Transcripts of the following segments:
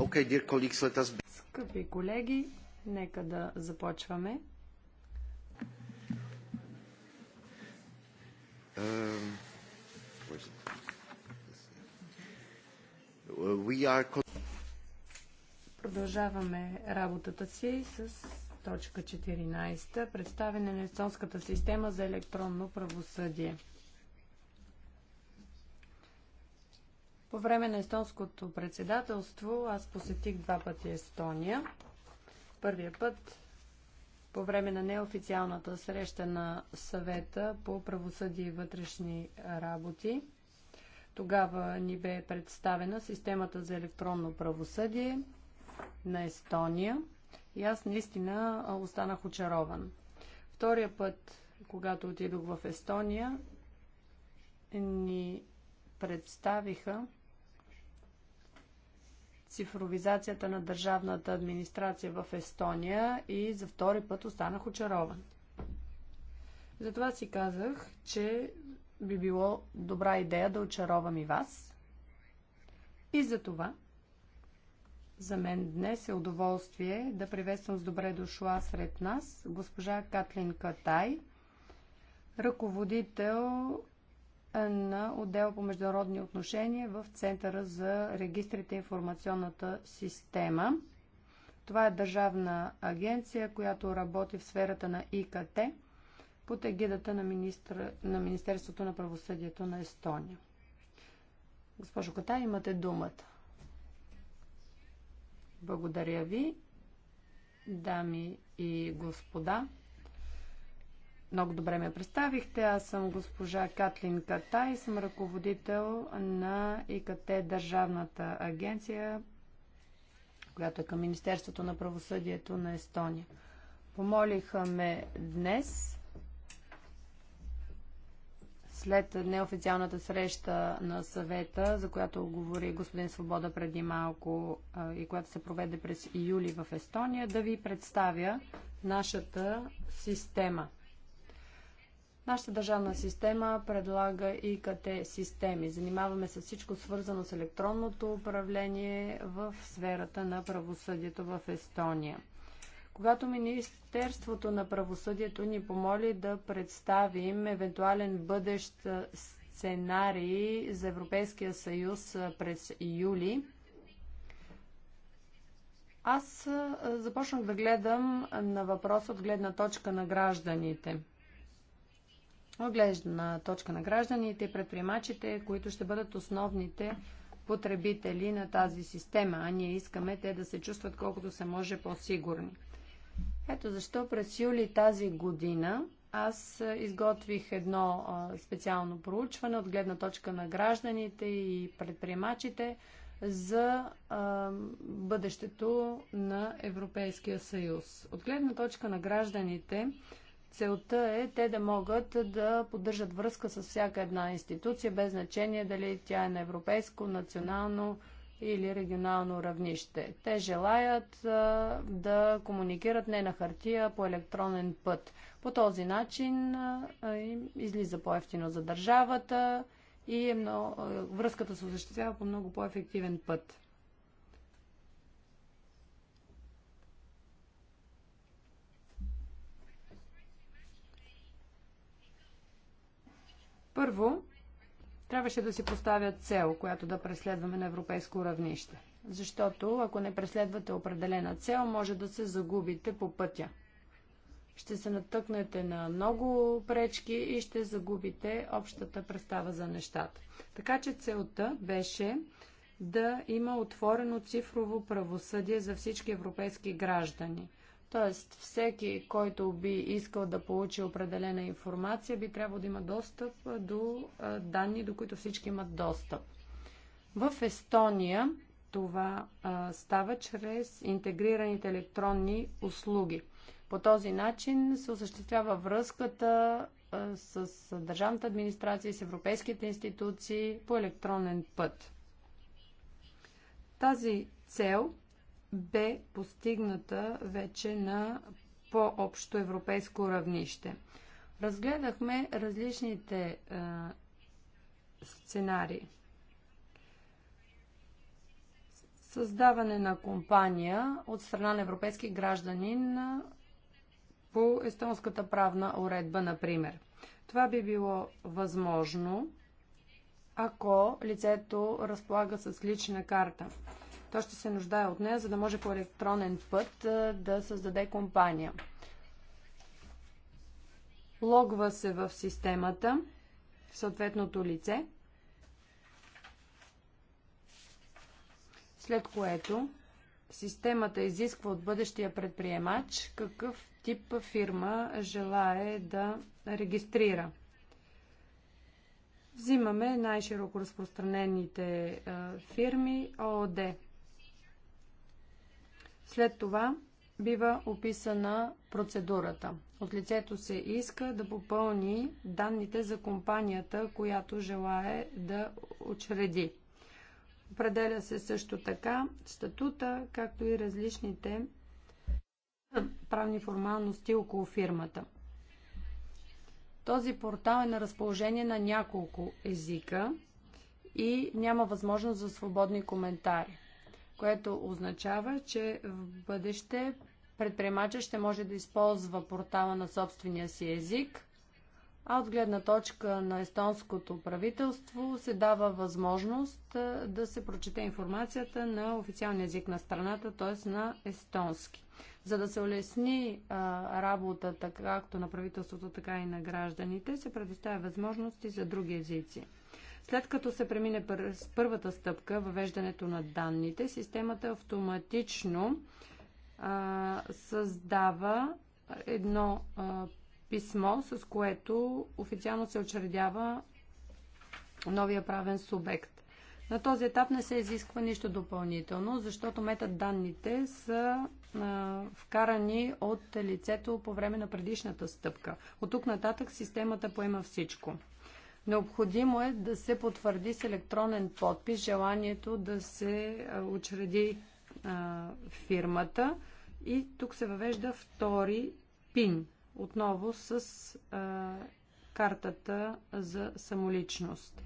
Okay, dear colleagues, let us... Скъпи колеги, нека да започваме. Uh, we are... Продължаваме работата си с точка 14. Представене на естонската система за електронно правосъдие. По време на естонското председателство аз посетих два пъти Естония. Първия път по време на неофициалната среща на съвета по правосъдие и вътрешни работи. Тогава ни бе представена системата за електронно правосъдие на Естония и аз наистина останах очарован. Втория път, когато отидох в Естония, ни представиха цифровизацията на държавната администрация в Естония и за втори път останах очарован. Затова си казах, че би било добра идея да очаровам и вас. И за това за мен днес е удоволствие да приветствам с добре дошла сред нас госпожа Катлин Катай, ръководител на отдел по международни отношения в Центъра за регистрите и информационната система. Това е държавна агенция, която работи в сферата на ИКТ под егидата на, министр... на Министерството на правосъдието на Естония. Госпожо Кота, имате думата. Благодаря ви, дами и господа. Много добре ме представихте. Аз съм госпожа Катлин Катай, съм ръководител на ИКТ Държавната агенция, която е към Министерството на правосъдието на Естония. Помолиха ме днес, след неофициалната среща на съвета, за която говори господин Свобода преди малко и която се проведе през юли в Естония, да ви представя нашата система – Нашата държавна система предлага и КТ системи. Занимаваме се всичко свързано с електронното управление в сферата на правосъдието в Естония. Когато Министерството на правосъдието ни помоли да представим евентуален бъдещ сценарий за Европейския съюз през юли, аз започнах да гледам на въпрос от гледна точка на гражданите – от гледна точка на гражданите и предприемачите, които ще бъдат основните потребители на тази система, а ние искаме те да се чувстват колкото се може по-сигурни. Ето защо през юли тази година аз изготвих едно специално проучване от гледна точка на гражданите и предприемачите за а, бъдещето на Европейския съюз. От гледна точка на гражданите, Целта е те да могат да поддържат връзка с всяка една институция, без значение дали тя е на европейско, национално или регионално равнище. Те желаят а, да комуникират не на хартия, а по електронен път. По този начин а, излиза по-ефтино за държавата и е много, връзката се осъществява по много по-ефективен път. Първо, трябваше да си поставя цел, която да преследваме на европейско равнище. Защото ако не преследвате определена цел, може да се загубите по пътя. Ще се натъкнете на много пречки и ще загубите общата представа за нещата. Така че целта беше да има отворено цифрово правосъдие за всички европейски граждани – Тоест, всеки, който би искал да получи определена информация, би трябвало да има достъп до данни, до които всички имат достъп. В Естония това а, става чрез интегрираните електронни услуги. По този начин се осъществява връзката а, с държавната администрация и с европейските институции по електронен път. Тази цел бе постигната вече на по-общо европейско равнище. Разгледахме различните е, сценари. сценарии. Създаване на компания от страна на европейски гражданин по естонската правна уредба, например. Това би било възможно, ако лицето разполага с лична карта. Той ще се нуждае от нея, за да може по електронен път да създаде компания. Логва се в системата в съответното лице, след което системата изисква от бъдещия предприемач какъв тип фирма желае да регистрира. Взимаме най-широко разпространените фирми ООД. След това бива описана процедурата. От лицето се иска да попълни данните за компанията, която желае да учреди. Определя се също така статута, както и различните правни формалности около фирмата. Този портал е на разположение на няколко езика и няма възможност за свободни коментари което означава, че в бъдеще предприемача ще може да използва портала на собствения си език, а от гледна точка на естонското правителство се дава възможност да се прочете информацията на официалния език на страната, т.е. на естонски. За да се улесни а, работата както на правителството, така и на гражданите, се предоставя възможности за други езици. След като се премине с първата стъпка, въвеждането на данните, системата автоматично а, създава едно а, писмо, с което официално се очредява новия правен субект. На този етап не се изисква нищо допълнително, защото метаданните са а, вкарани от лицето по време на предишната стъпка. От тук нататък системата поема всичко. Необходимо е да се потвърди с електронен подпис желанието да се учреди а, фирмата. И тук се въвежда втори пин, отново с а, картата за самоличност.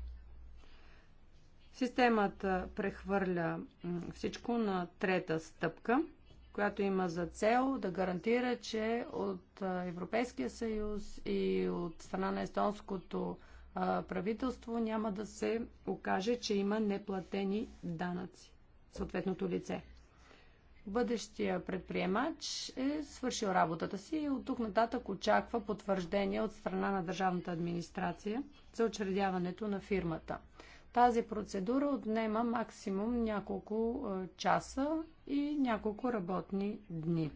Системата прехвърля всичко на трета стъпка, която има за цел да гарантира, че от Европейския съюз и от страна на естонското правителство няма да се окаже, че има неплатени данъци съответното лице. Бъдещия предприемач е свършил работата си и от тук нататък очаква потвърждение от страна на държавната администрация за учредяването на фирмата. Тази процедура отнема максимум няколко часа и няколко работни дни.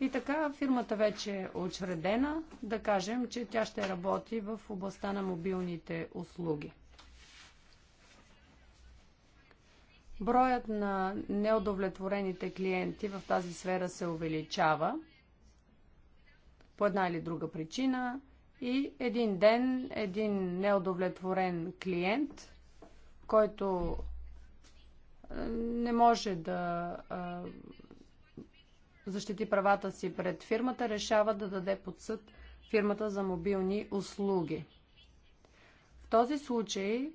И така фирмата вече е очредена, да кажем, че тя ще работи в областта на мобилните услуги. Броят на неудовлетворените клиенти в тази сфера се увеличава по една или друга причина и един ден един неудовлетворен клиент, който не може да защити правата си пред фирмата, решава да даде под съд фирмата за мобилни услуги. В този случай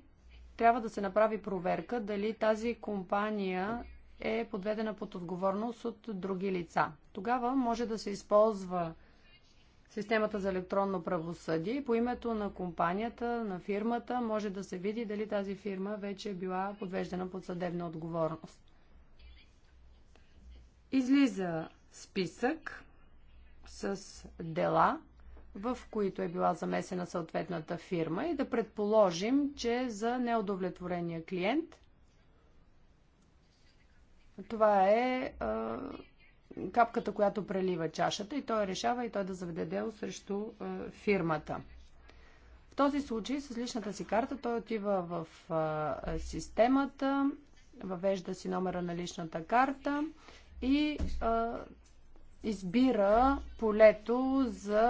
трябва да се направи проверка дали тази компания е подведена под отговорност от други лица. Тогава може да се използва системата за електронно правосъдие. По името на компанията, на фирмата, може да се види дали тази фирма вече е била подвеждана под съдебна отговорност. Излиза списък с дела, в които е била замесена съответната фирма и да предположим, че за неудовлетворения клиент това е а, капката, която прелива чашата и той решава и той да заведе дело срещу а, фирмата. В този случай с личната си карта той отива в а, системата, въвежда си номера на личната карта и а, избира полето за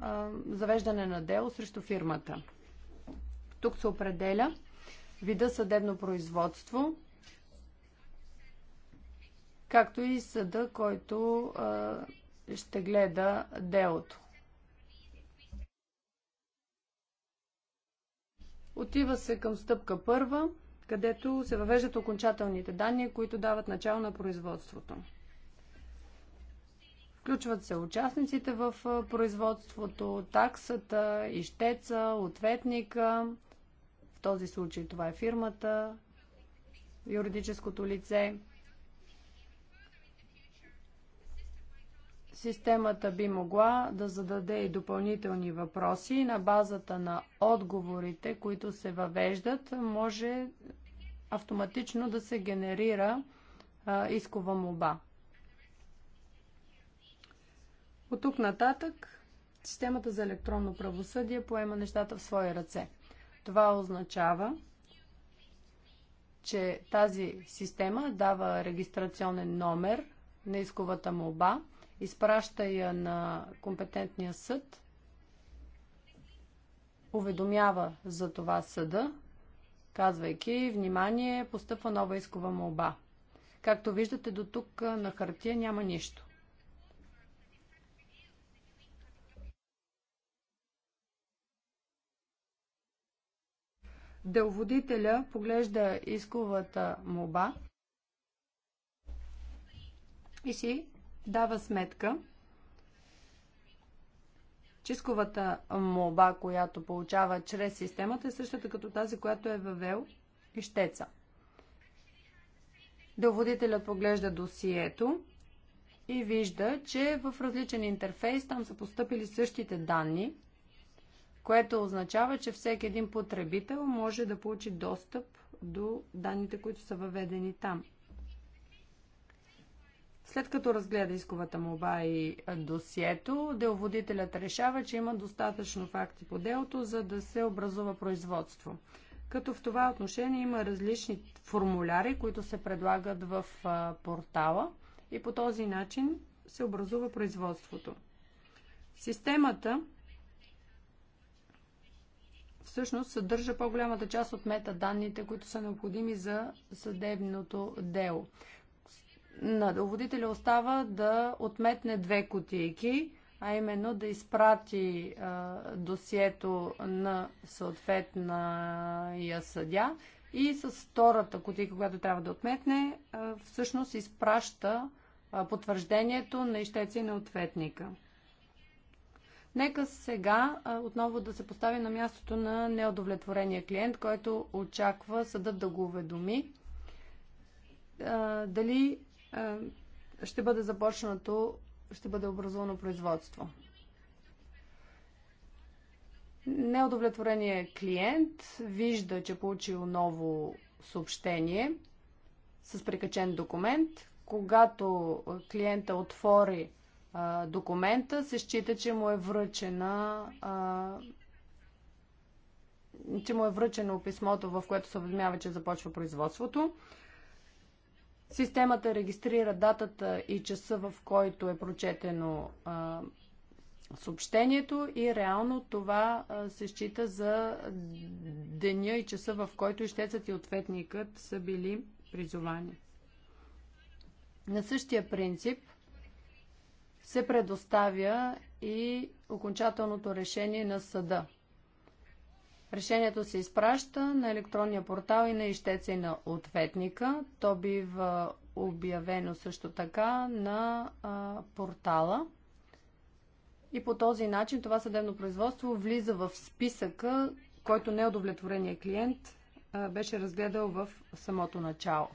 а, завеждане на дело срещу фирмата. Тук се определя вида съдебно производство, както и съда, който а, ще гледа делото. Отива се към стъпка първа, където се въвеждат окончателните данни, които дават начало на производството. Включват се участниците в производството, таксата, ищеца, ответника, в този случай това е фирмата, юридическото лице. Системата би могла да зададе и допълнителни въпроси. На базата на отговорите, които се въвеждат, може автоматично да се генерира искова моба. От тук нататък системата за електронно правосъдие поема нещата в свои ръце. Това означава, че тази система дава регистрационен номер на исковата молба, изпраща я на компетентния съд, уведомява за това съда, казвайки, внимание, постъпва нова искова молба. Както виждате, до тук на хартия няма нищо. Дълводителя поглежда исковата моба и си дава сметка, че исковата моба, която получава чрез системата, е същата като тази, която е въвел ищеца. Дълводителят поглежда досието и вижда, че в различен интерфейс там са поступили същите данни, което означава, че всеки един потребител може да получи достъп до данните, които са въведени там. След като разгледа исковата молба и досието, деловодителят решава, че има достатъчно факти по делото, за да се образува производство. Като в това отношение има различни формуляри, които се предлагат в портала и по този начин се образува производството. Системата всъщност съдържа по-голямата част от метаданните, които са необходими за съдебното дело. На доводителя остава да отметне две кутийки, а именно да изпрати а, досието на съответния съдя и с втората кутийка, която трябва да отметне, а, всъщност изпраща а, потвърждението на ищеца и на ответника. Нека сега отново да се постави на мястото на неудовлетворения клиент, който очаква съдът да го уведоми дали ще бъде започнато, ще бъде образовано производство. Неудовлетвореният клиент вижда, че получил ново съобщение с прикачен документ. Когато клиента отвори документа, се счита, че му е връчена а, че му е връчено писмото, в което се уведомява, че започва производството. Системата регистрира датата и часа, в който е прочетено а, съобщението и реално това а, се счита за деня и часа, в който ищецът и ответникът са били призовани. На същия принцип се предоставя и окончателното решение на съда. Решението се изпраща на електронния портал и на ищеца и на ответника. То бива обявено също така на а, портала. И по този начин това съдебно производство влиза в списъка, който неудовлетворения клиент а, беше разгледал в самото начало.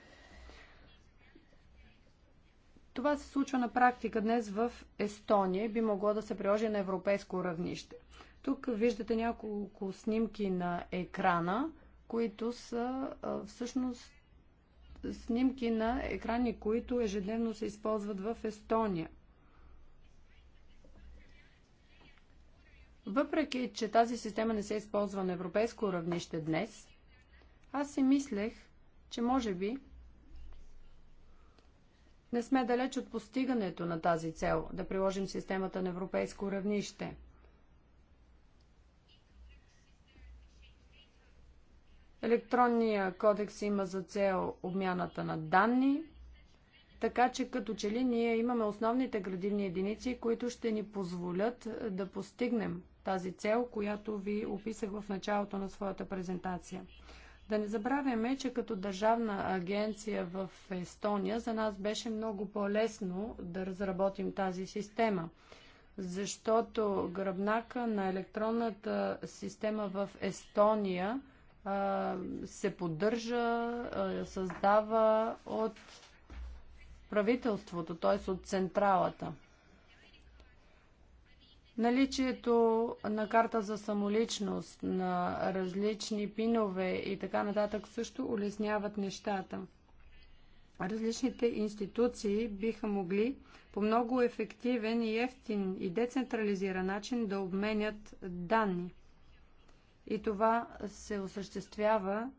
Това се случва на практика днес в Естония и би могло да се приложи на европейско равнище. Тук виждате няколко снимки на екрана, които са всъщност снимки на екрани, които ежедневно се използват в Естония. Въпреки, че тази система не се използва на европейско равнище днес, аз си мислех, че може би не сме далеч от постигането на тази цел да приложим системата на европейско равнище. Електронния кодекс има за цел обмяната на данни, така че като че ли ние имаме основните градивни единици, които ще ни позволят е, да постигнем тази цел, която ви описах в началото на своята презентация. Да не забравяме, че като държавна агенция в Естония за нас беше много по-лесно да разработим тази система, защото гръбнака на електронната система в Естония а, се поддържа, а, създава от правителството, т.е. от централата. Наличието на карта за самоличност, на различни пинове и така нататък също улесняват нещата. Различните институции биха могли по много ефективен и ефтин и децентрализиран начин да обменят данни. И това се осъществява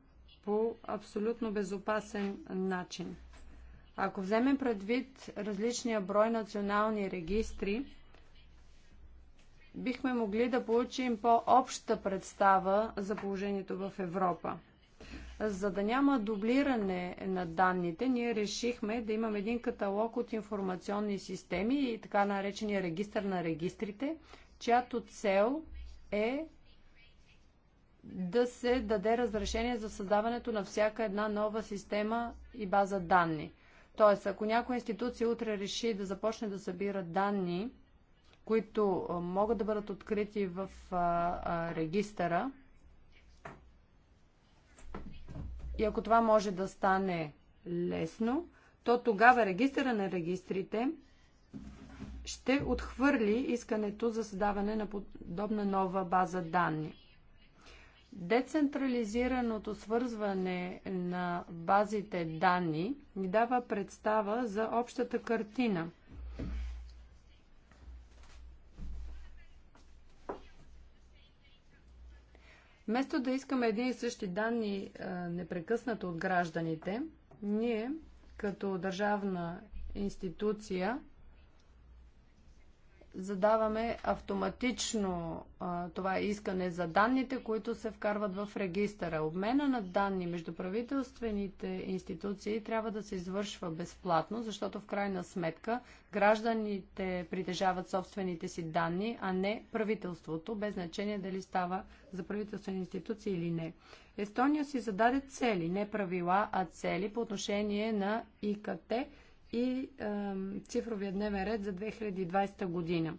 по абсолютно безопасен начин. Ако вземем предвид различния брой национални регистри, бихме могли да получим по-обща представа за положението в Европа. За да няма дублиране на данните, ние решихме да имаме един каталог от информационни системи и така наречения регистр на регистрите, чиято цел е да се даде разрешение за създаването на всяка една нова система и база данни. Тоест, ако някоя институция утре реши да започне да събира данни които могат да бъдат открити в регистъра. И ако това може да стане лесно, то тогава регистъра на регистрите ще отхвърли искането за създаване на подобна нова база данни. Децентрализираното свързване на базите данни ни дава представа за общата картина – Вместо да искаме едни и същи данни а, непрекъснато от гражданите, ние като държавна институция задаваме автоматично а, това искане за данните, които се вкарват в регистъра. Обмена на данни между правителствените институции трябва да се извършва безплатно, защото в крайна сметка гражданите притежават собствените си данни, а не правителството, без значение дали става за правителствени институции или не. Естония си зададе цели, не правила, а цели по отношение на ИКТ, и а, цифровия дневен ред за 2020 година.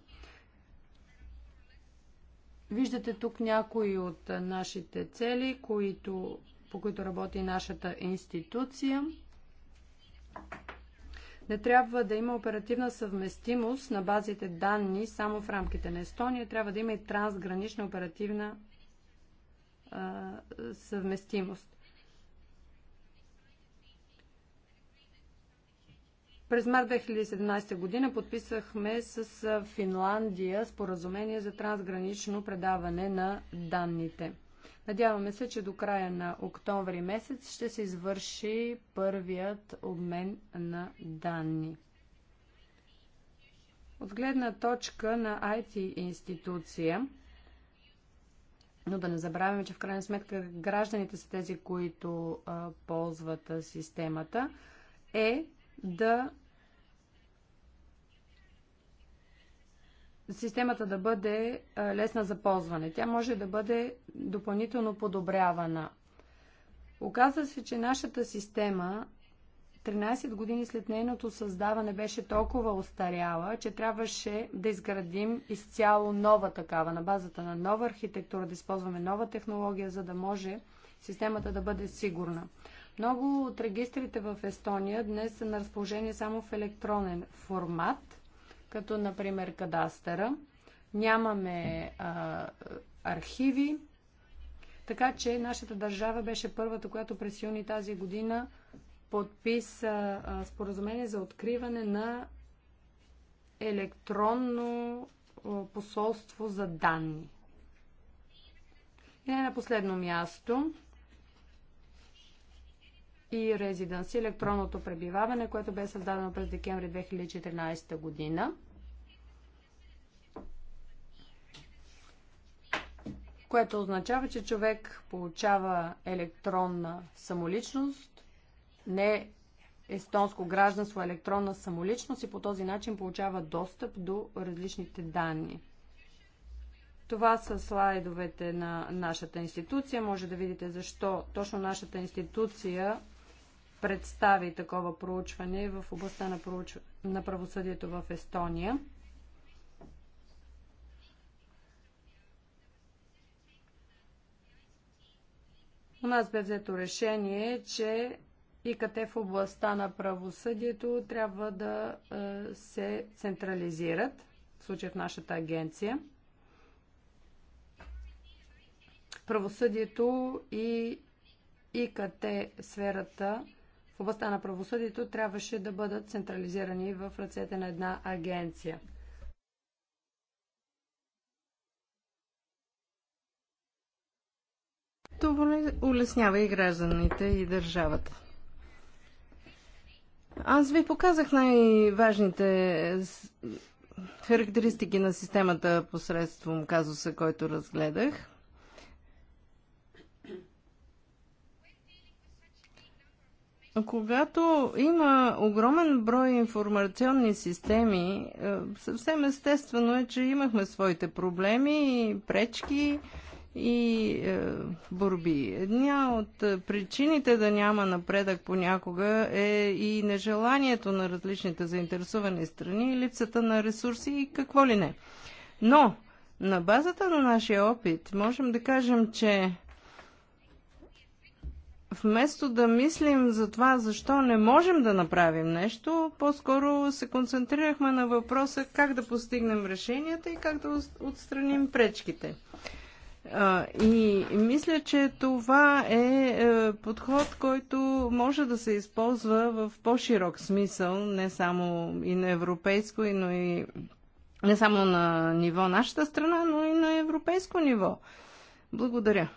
Виждате тук някои от нашите цели, които, по които работи нашата институция. Не трябва да има оперативна съвместимост на базите данни само в рамките на Естония. Трябва да има и трансгранична оперативна а, съвместимост. През март 2017 година подписахме с Финландия споразумение за трансгранично предаване на данните. Надяваме се, че до края на октомври месец ще се извърши първият обмен на данни. От гледна точка на IT институция, но да не забравяме, че в крайна сметка гражданите са тези, които а, ползват а, системата, е да системата да бъде лесна за ползване. Тя може да бъде допълнително подобрявана. Оказва се, че нашата система 13 години след нейното създаване беше толкова устаряла, че трябваше да изградим изцяло нова такава, на базата на нова архитектура, да използваме нова технология, за да може системата да бъде сигурна. Много от регистрите в Естония днес са на разположение само в електронен формат – като например кадастъра. Нямаме а, архиви, така че нашата държава беше първата, която през юни тази година подписа а, споразумение за откриване на електронно а, посолство за данни. И не на последно място, и резиденси, електронното пребиваване, което бе създадено през декември 2014 година. което означава, че човек получава електронна самоличност, не естонско гражданство, а електронна самоличност и по този начин получава достъп до различните данни. Това са слайдовете на нашата институция. Може да видите защо точно нашата институция представи такова проучване в областта на, проуч... на правосъдието в Естония. У нас бе взето решение, че ИКТ в областта на правосъдието трябва да е, се централизират, в случая в нашата агенция. Правосъдието и ИКТ сферата областта на правосъдието трябваше да бъдат централизирани в ръцете на една агенция. Това улеснява и гражданите, и държавата. Аз ви показах най-важните характеристики на системата посредством казуса, който разгледах. Когато има огромен брой информационни системи, е, съвсем естествено е, че имахме своите проблеми, пречки и е, борби. Една от е, причините да няма напредък понякога е и нежеланието на различните заинтересовани страни, липсата на ресурси и какво ли не. Но, на базата на нашия опит, можем да кажем, че вместо да мислим за това защо не можем да направим нещо, по-скоро се концентрирахме на въпроса как да постигнем решенията и как да отстраним пречките. И мисля, че това е, е подход, който може да се използва в по-широк смисъл, не само и на европейско, но и не само на ниво нашата страна, но и на европейско ниво. Благодаря.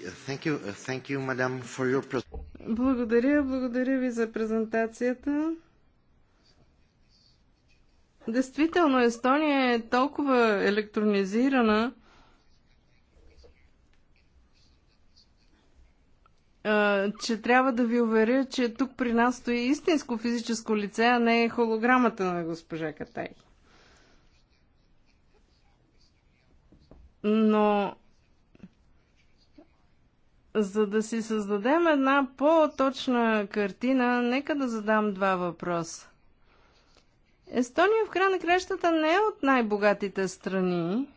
Thank you, thank you, madam, for your... Благодаря, благодаря ви за презентацията. Действително, Естония е толкова електронизирана, че трябва да ви уверя, че тук при нас стои истинско физическо лице, а не холограмата на госпожа Катай. Но за да си създадем една по-точна картина, нека да задам два въпроса. Естония в края на кращата не е от най-богатите страни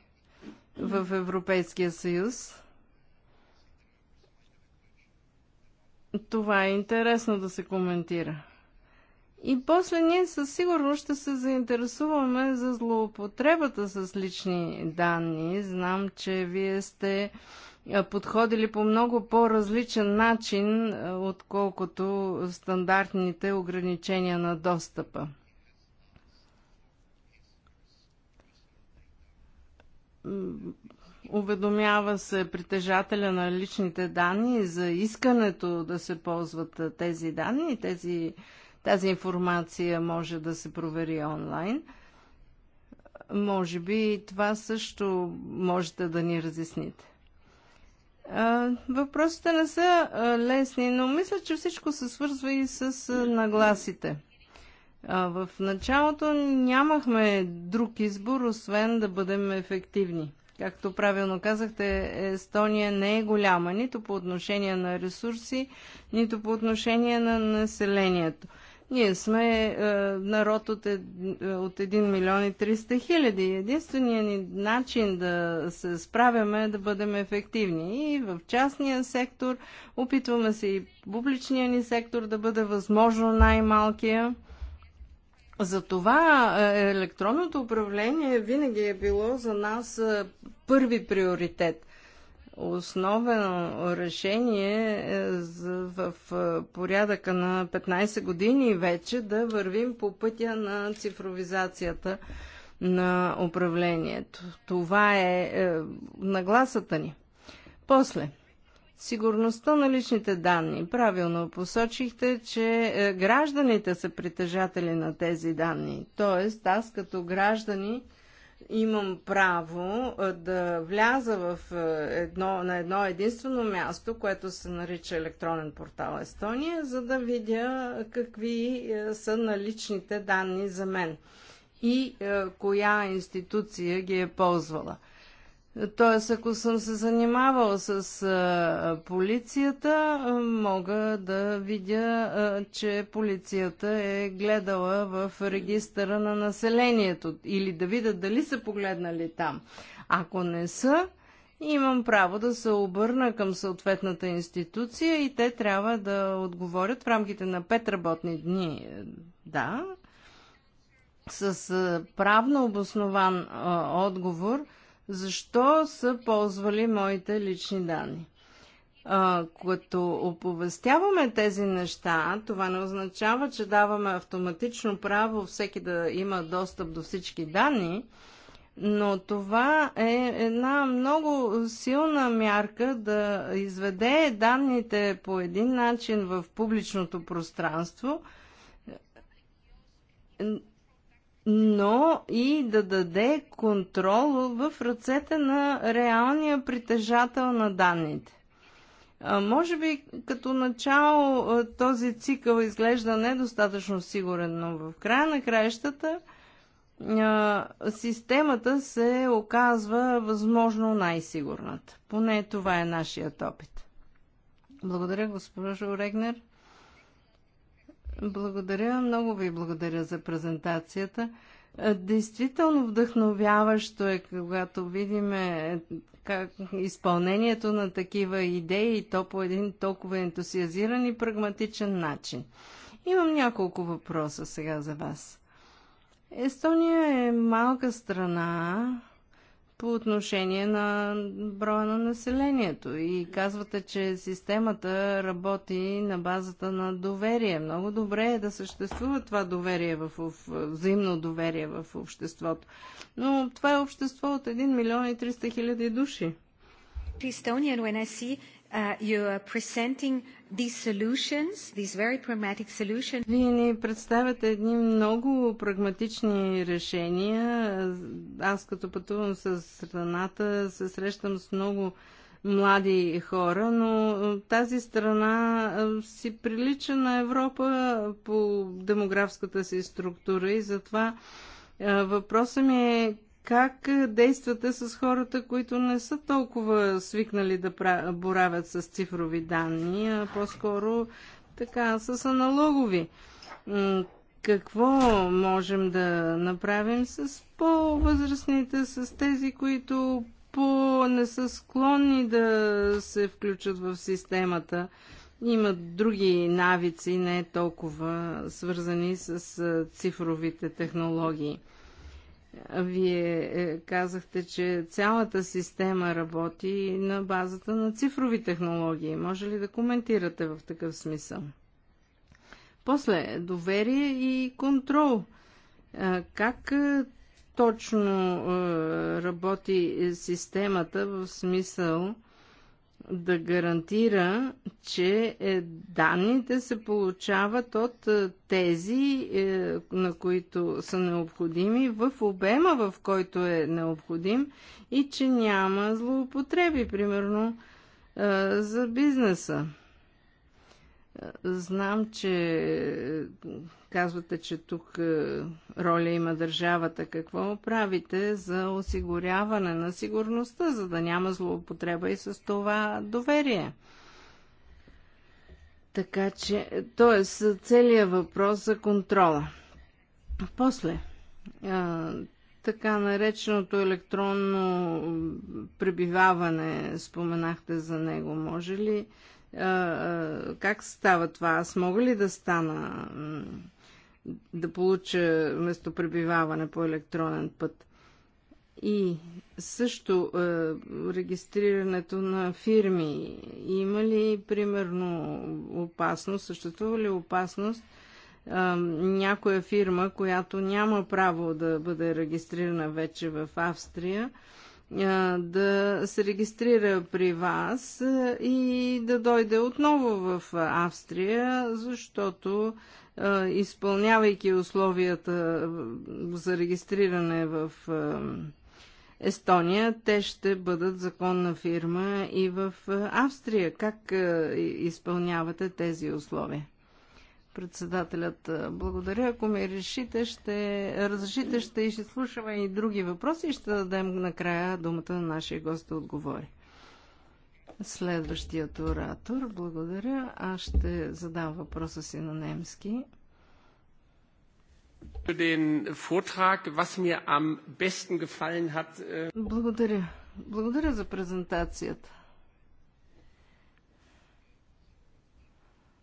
в Европейския съюз. Това е интересно да се коментира. И после ние със сигурност ще се заинтересуваме за злоупотребата с лични данни. Знам, че вие сте е, подходили по много по-различен начин, е, отколкото стандартните ограничения на достъпа. Уведомява се притежателя на личните данни за искането да се ползват е, тези данни и тези, тази информация може да се провери онлайн. Може би това също можете да ни разясните. Въпросите не са лесни, но мисля, че всичко се свързва и с нагласите. В началото нямахме друг избор, освен да бъдем ефективни. Както правилно казахте, Естония не е голяма нито по отношение на ресурси, нито по отношение на населението. Ние сме е, народ от, е, от 1 милион и 300 хиляди. Единственият ни начин да се справяме е да бъдем ефективни. И в частния сектор опитваме се и публичния ни сектор да бъде възможно най-малкия. Затова е, електронното управление винаги е било за нас е, първи приоритет – основено решение е, в е, порядъка на 15 години вече да вървим по пътя на цифровизацията на управлението. Това е, е нагласата ни. После, сигурността на личните данни. Правилно посочихте, че е, гражданите са притежатели на тези данни. Тоест, аз като граждани имам право да вляза в едно, на едно единствено място, което се нарича електронен портал Естония, за да видя какви са наличните данни за мен и коя институция ги е ползвала. Тоест, ако съм се занимавал с а, полицията, мога да видя, а, че полицията е гледала в регистъра на населението или да видя дали са погледнали там. Ако не са, имам право да се обърна към съответната институция и те трябва да отговорят в рамките на 5 работни дни. Да, с правно обоснован а, отговор защо са ползвали моите лични данни. А, като оповестяваме тези неща, това не означава, че даваме автоматично право всеки да има достъп до всички данни, но това е една много силна мярка да изведе данните по един начин в публичното пространство но и да даде контрол в ръцете на реалния притежател на данните. Може би като начало този цикъл изглежда недостатъчно сигурен, но в края на краищата системата се оказва възможно най-сигурната. Поне това е нашият опит. Благодаря, госпожо Регнер. Благодаря, много ви благодаря за презентацията. Действително вдъхновяващо е, когато видим е, как изпълнението на такива идеи и то по един толкова ентусиазиран и прагматичен начин. Имам няколко въпроса сега за вас. Естония е малка страна, по отношение на броя на населението. И казвате, че системата работи на базата на доверие. Много добре е да съществува това доверие в, взаимно доверие в обществото. Но това е общество от 1 милион и 300 хиляди души. Uh, you are presenting these solutions, these very pragmatic solutions. Вие ни представяте едни много прагматични решения. Аз като пътувам с страната, се срещам с много млади хора, но тази страна си прилича на Европа по демографската си структура и затова Въпросът ми е как действате с хората, които не са толкова свикнали да боравят с цифрови данни, а по-скоро така с аналогови? Какво можем да направим с по-възрастните, с тези, които по не са склонни да се включат в системата? имат други навици, не толкова свързани с цифровите технологии. Вие е, казахте, че цялата система работи на базата на цифрови технологии. Може ли да коментирате в такъв смисъл? После, доверие и контрол. Е, как е, точно работи системата в смисъл да гарантира, че е, данните се получават от е, тези, е, на които са необходими, в обема, в който е необходим и че няма злоупотреби, примерно за бизнеса. Знам, че казвате, че тук е, роля има държавата. Какво правите за осигуряване на сигурността, за да няма злоупотреба и с това доверие? Така че, т.е. целият въпрос за контрола. После, така нареченото електронно пребиваване, споменахте за него, може ли как става това? Аз мога ли да стана, да получа местопребиваване по електронен път? И също регистрирането на фирми. Има ли, примерно, опасност, съществува ли опасност някоя фирма, която няма право да бъде регистрирана вече в Австрия, да се регистрира при вас и да дойде отново в Австрия, защото изпълнявайки условията за регистриране в Естония, те ще бъдат законна фирма и в Австрия. Как изпълнявате тези условия? Председателят, благодаря. Ако ми решите, ще, разрешите, ще изслушаме и други въпроси и ще дадем накрая думата на нашия гост да отговори. Следващият оратор, благодаря. Аз ще задам въпроса си на немски. Äh, благодаря. Благодаря за презентацията.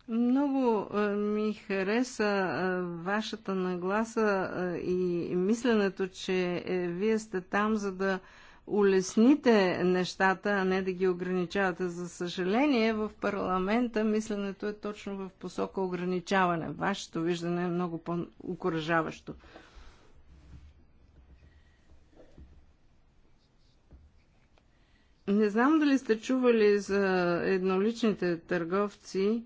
Много е, ми хареса е, вашата нагласа е, и мисленето, че вие сте там, за да улесните нещата, а не да ги ограничавате. За съжаление, в парламента мисленето е точно в посока ограничаване. Вашето виждане е много по-укоръжаващо. Не знам дали сте чували за едноличните търговци.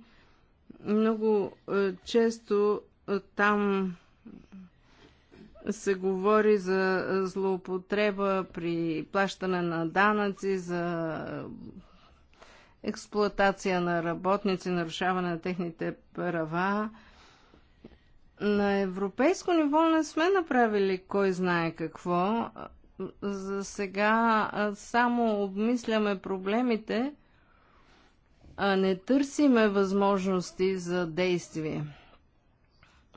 Много е, често е, там се говори за злоупотреба при плащане на данъци, за е, експлоатация на работници, нарушаване на техните права. На европейско ниво не сме направили кой знае какво. За сега само обмисляме проблемите а не търсиме възможности за действие.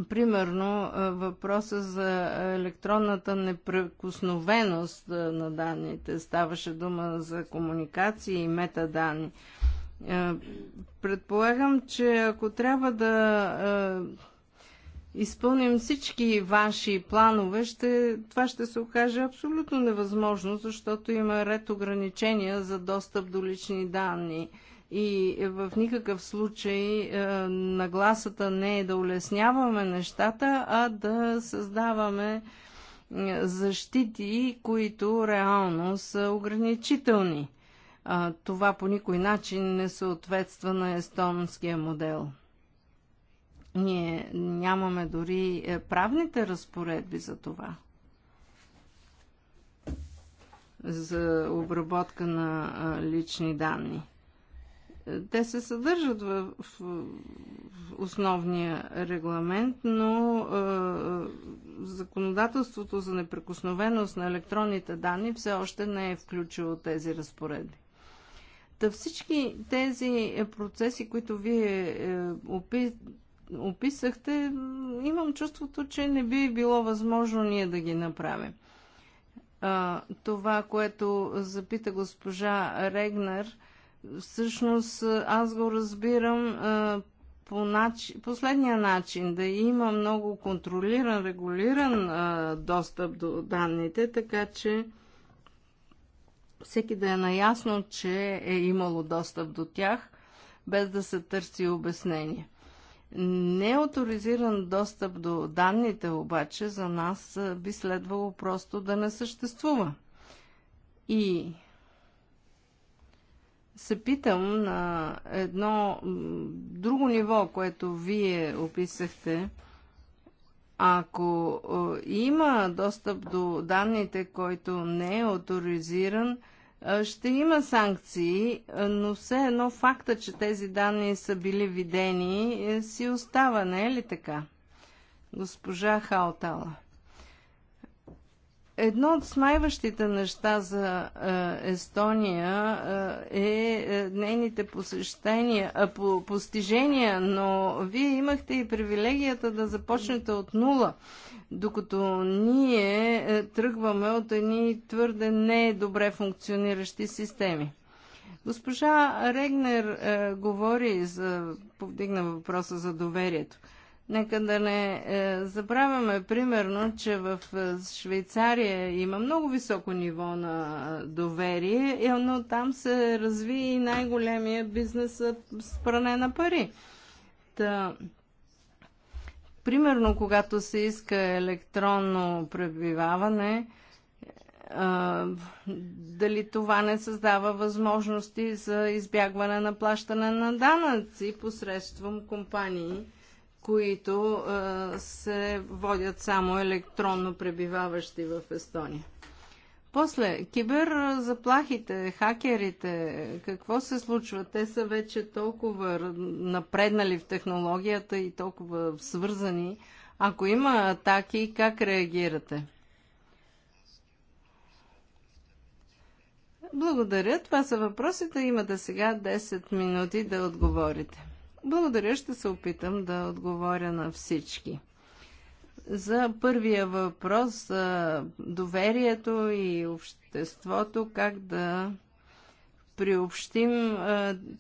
Примерно въпроса за електронната непрекосновеност на данните. Ставаше дума за комуникации и метаданни. Предполагам, че ако трябва да изпълним всички ваши планове, ще, това ще се окаже абсолютно невъзможно, защото има ред ограничения за достъп до лични данни. И в никакъв случай е, нагласата не е да улесняваме нещата, а да създаваме е, защити, които реално са ограничителни. Това по никой начин не съответства на естонския модел. Ние нямаме дори е, правните разпоредби за това. За обработка на лични данни. Те се съдържат в, в, в основния регламент, но е, законодателството за неприкосновеност на електронните данни все още не е включило тези разпоредби. Та всички тези процеси, които вие е, опи, описахте, имам чувството, че не би било възможно ние да ги направим. Е, това, което запита госпожа Регнер, Всъщност аз го разбирам а, по нач... последния начин, да има много контролиран, регулиран а, достъп до данните, така че всеки да е наясно, че е имало достъп до тях, без да се търси обяснение. Неоторизиран достъп до данните обаче за нас би следвало просто да не съществува. И се питам на едно друго ниво, което вие описахте. Ако има достъп до данните, който не е авторизиран, ще има санкции, но все едно факта, че тези данни са били видени, е, си остава, не е ли така? Госпожа Хаотала. Едно от смайващите неща за е, Естония е, е нейните посещения, е, по, постижения, но вие имахте и привилегията да започнете от нула, докато ние тръгваме от едни твърде недобре функциониращи системи. Госпожа Регнер е, говори за, повдигна въпроса за доверието. Е, Нека да не е, забравяме, примерно, че в е, Швейцария има много високо ниво на е, доверие, е, но там се разви и най-големия бизнес с пране на пари. Та, примерно, когато се иска електронно пребиваване, дали това не създава възможности за избягване на плащане на данъци посредством компании – които се водят само електронно пребиваващи в Естония. После, кибер заплахите, хакерите, какво се случва? Те са вече толкова напреднали в технологията и толкова свързани. Ако има атаки, как реагирате? Благодаря. Това са въпросите. Имате сега 10 минути да отговорите. Благодаря, ще се опитам да отговоря на всички. За първия въпрос за доверието и обществото, как да приобщим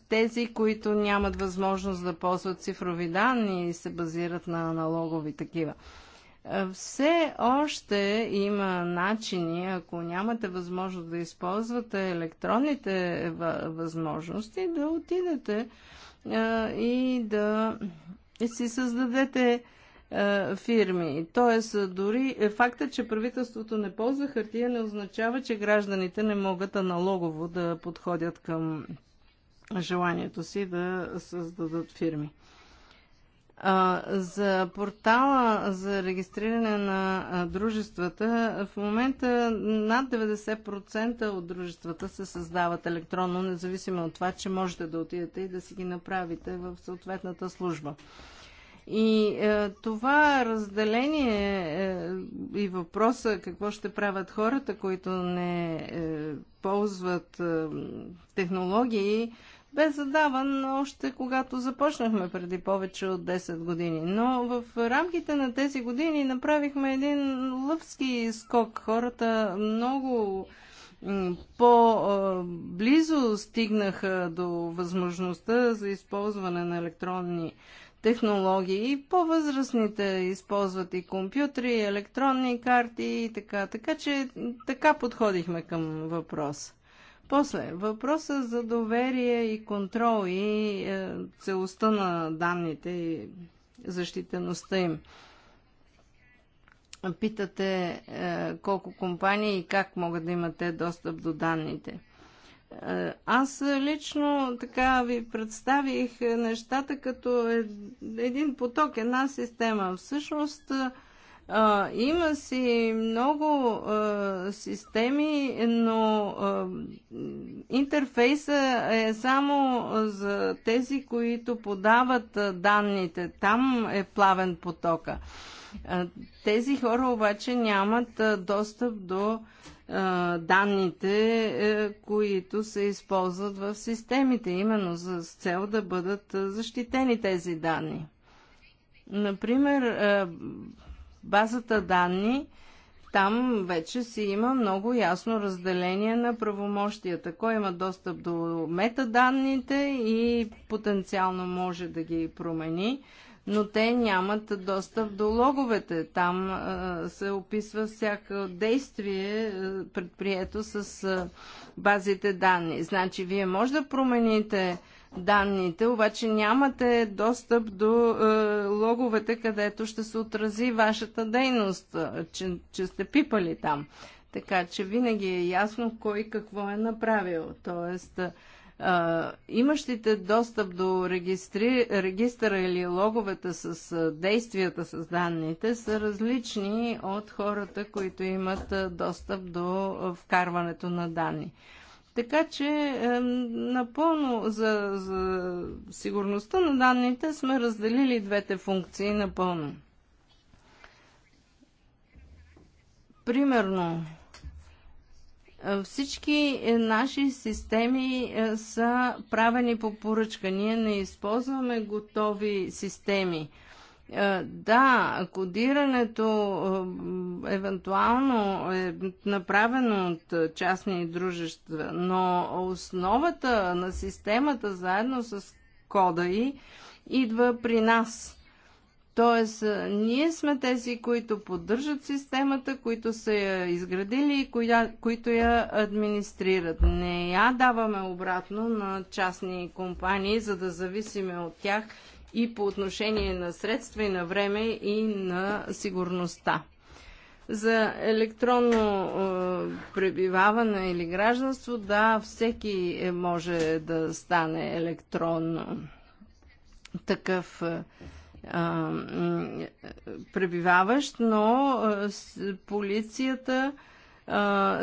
тези, които нямат възможност да ползват цифрови данни и се базират на аналогови такива. Все още има начини, ако нямате възможност да използвате електронните възможности, да отидете и да си създадете фирми. Тоест, дори е факта, че правителството не ползва хартия, не означава, че гражданите не могат аналогово да подходят към желанието си да създадат фирми. За портала за регистриране на дружествата, в момента над 90% от дружествата се създават електронно, независимо от това, че можете да отидете и да си ги направите в съответната служба. И е, това разделение е, и въпроса какво ще правят хората, които не е, ползват е, технологии, бе задаван още когато започнахме преди повече от 10 години. Но в рамките на тези години направихме един лъвски скок. Хората много по-близо стигнаха до възможността за използване на електронни технологии. по-възрастните използват и компютри, и електронни карти и така. Така че така подходихме към въпроса. После, въпроса за доверие и контрол и е, целостта на данните и защитеността им. Питате е, колко компании и как могат да имате достъп до данните. Е, аз лично така ви представих е, нещата като е, един поток, една система. Всъщност, е, а, има си много а, системи, но а, интерфейса е само за тези, които подават данните. Там е плавен потока. А, тези хора обаче нямат а, достъп до а, данните, а, които се използват в системите, именно за с цел да бъдат защитени тези данни. Например, базата данни там вече си има много ясно разделение на правомощията. Кой има достъп до метаданните и потенциално може да ги промени, но те нямат достъп до логовете. Там а, се описва всяко действие, предприето с а, базите данни. Значи, вие може да промените данните, обаче нямате достъп до е, логовете, където ще се отрази вашата дейност, е, че, че сте пипали там. Така че винаги е ясно кой какво е направил. Тоест, е, е, имащите достъп до регистри, регистъра или логовете с е, действията с данните са различни от хората, които имат е, достъп до е, вкарването на данни. Така че е, напълно за, за сигурността на данните сме разделили двете функции напълно. Примерно, е, всички наши системи е, са правени по поръчка. Ние не използваме готови системи. Е, да, кодирането е, евентуално е направено от частни дружества, но основата на системата заедно с кода и идва при нас. Тоест, е, ние сме тези, които поддържат системата, които са я изградили и които я администрират. Не я даваме обратно на частни компании, за да зависиме от тях – и по отношение на средства и на време и на сигурността. За електронно пребиваване или гражданство, да, всеки е, може да стане електронно такъв пребиваващ, но полицията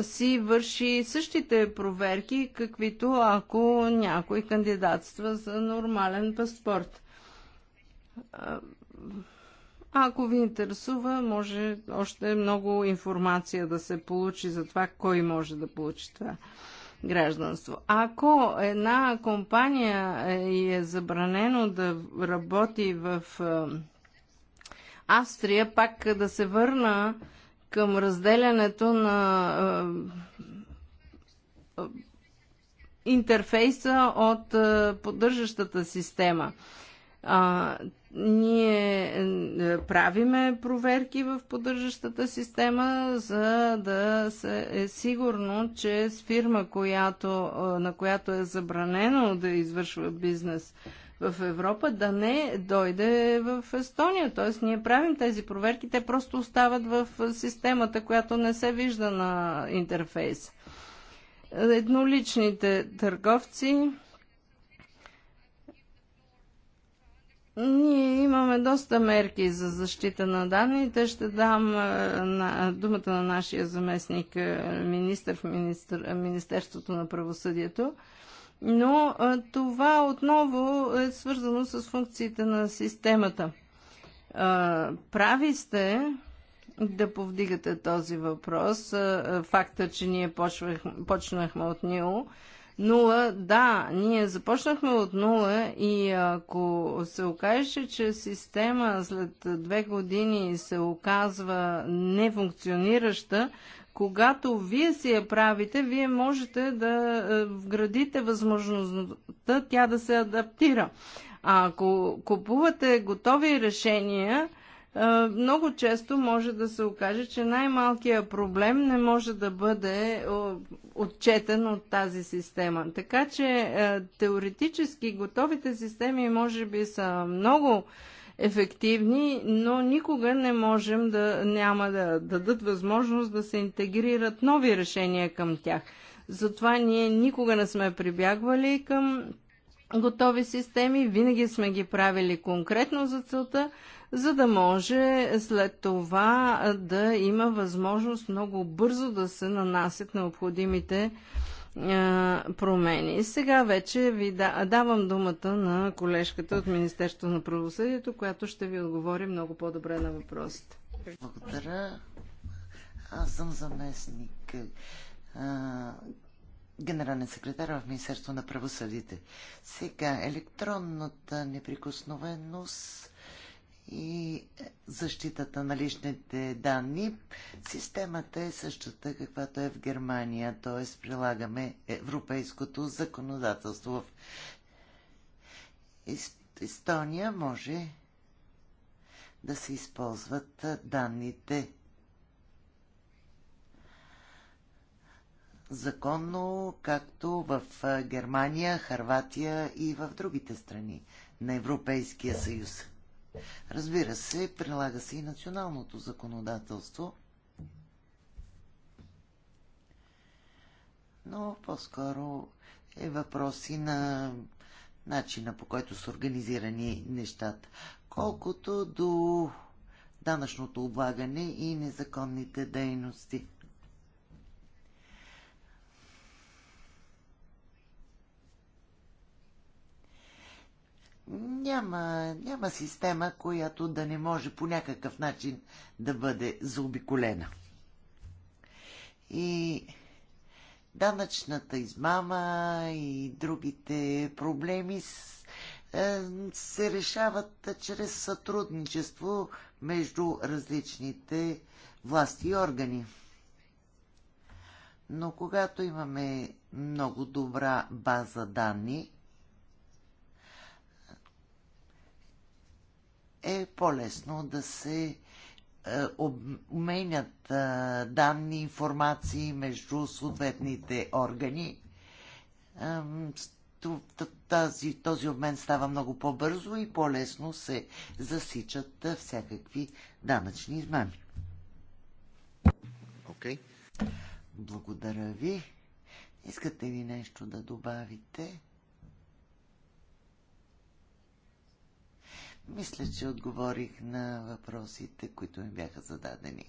си върши същите проверки, каквито ако някой кандидатства за нормален паспорт. А ако ви интересува, може още много информация да се получи за това, кой може да получи това гражданство. Ако една компания е, е забранено да работи в Австрия, пак да се върна към разделянето на интерфейса от поддържащата система ние е, правиме проверки в поддържащата система, за да се е сигурно, че с фирма, която, е, на която е забранено да извършва бизнес в Европа, да не дойде в Естония. Тоест, ние правим тези проверки, те просто остават в системата, която не се вижда на интерфейс. Едноличните търговци Ние имаме доста мерки за защита на данните. Ще дам е, на, думата на нашия заместник е, министр в министр, е, Министерството на правосъдието. Но това отново е свързано с функциите на системата. Прави сте да повдигате този въпрос. Факта, че ние почвах, почнахме от НИО, нула, да, ние започнахме от нула и ако се окаже, че система след две години се оказва нефункционираща, когато вие си я правите, вие можете да е, вградите възможността тя да се адаптира. А ако купувате готови решения, е, много често може да се окаже, че най-малкият проблем не може да бъде е, отчетен от тази система. Така че е, теоретически готовите системи може би са много ефективни, но никога не можем да няма да дадат възможност да се интегрират нови решения към тях. Затова ние никога не сме прибягвали към готови системи, винаги сме ги правили конкретно за целта, за да може след това да има възможност много бързо да се нанасят необходимите промени. Сега вече ви давам думата на колежката от Министерството на правосъдието, която ще ви отговори много по-добре на въпросите. Благодаря. Аз съм заместник а, генерален секретар в Министерството на правосъдите. Сега електронната неприкосновеност и защитата на личните данни. Системата е същата, каквато е в Германия, т.е. прилагаме европейското законодателство. В Естония може да се използват данните законно, както в Германия, Харватия и в другите страни на Европейския съюз. Разбира се, прилага се и националното законодателство, но по-скоро е въпроси на начина по който са организирани нещата. Колкото до данъчното облагане и незаконните дейности. няма, няма система, която да не може по някакъв начин да бъде заобиколена. И данъчната измама и другите проблеми е, се решават чрез сътрудничество между различните власти и органи. Но когато имаме много добра база данни, е по-лесно да се е, обменят е, данни, информации между съответните органи. Тази, този обмен става много по-бързо и по-лесно се засичат е, всякакви данъчни измами. Окей. Okay. Благодаря ви. Искате ли нещо да добавите? Мисля, че отговорих на въпросите, които ми бяха зададени.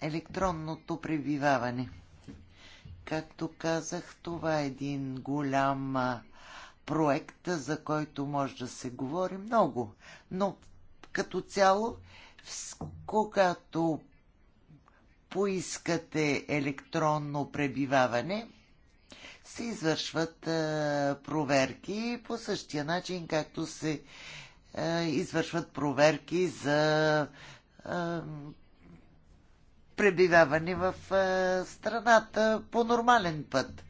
Електронното пребиваване. Както казах, това е един голям проект, за който може да се говори много. Но като цяло, когато поискате електронно пребиваване, се извършват проверки по същия начин, както се извършват проверки за пребиваване в страната по нормален път.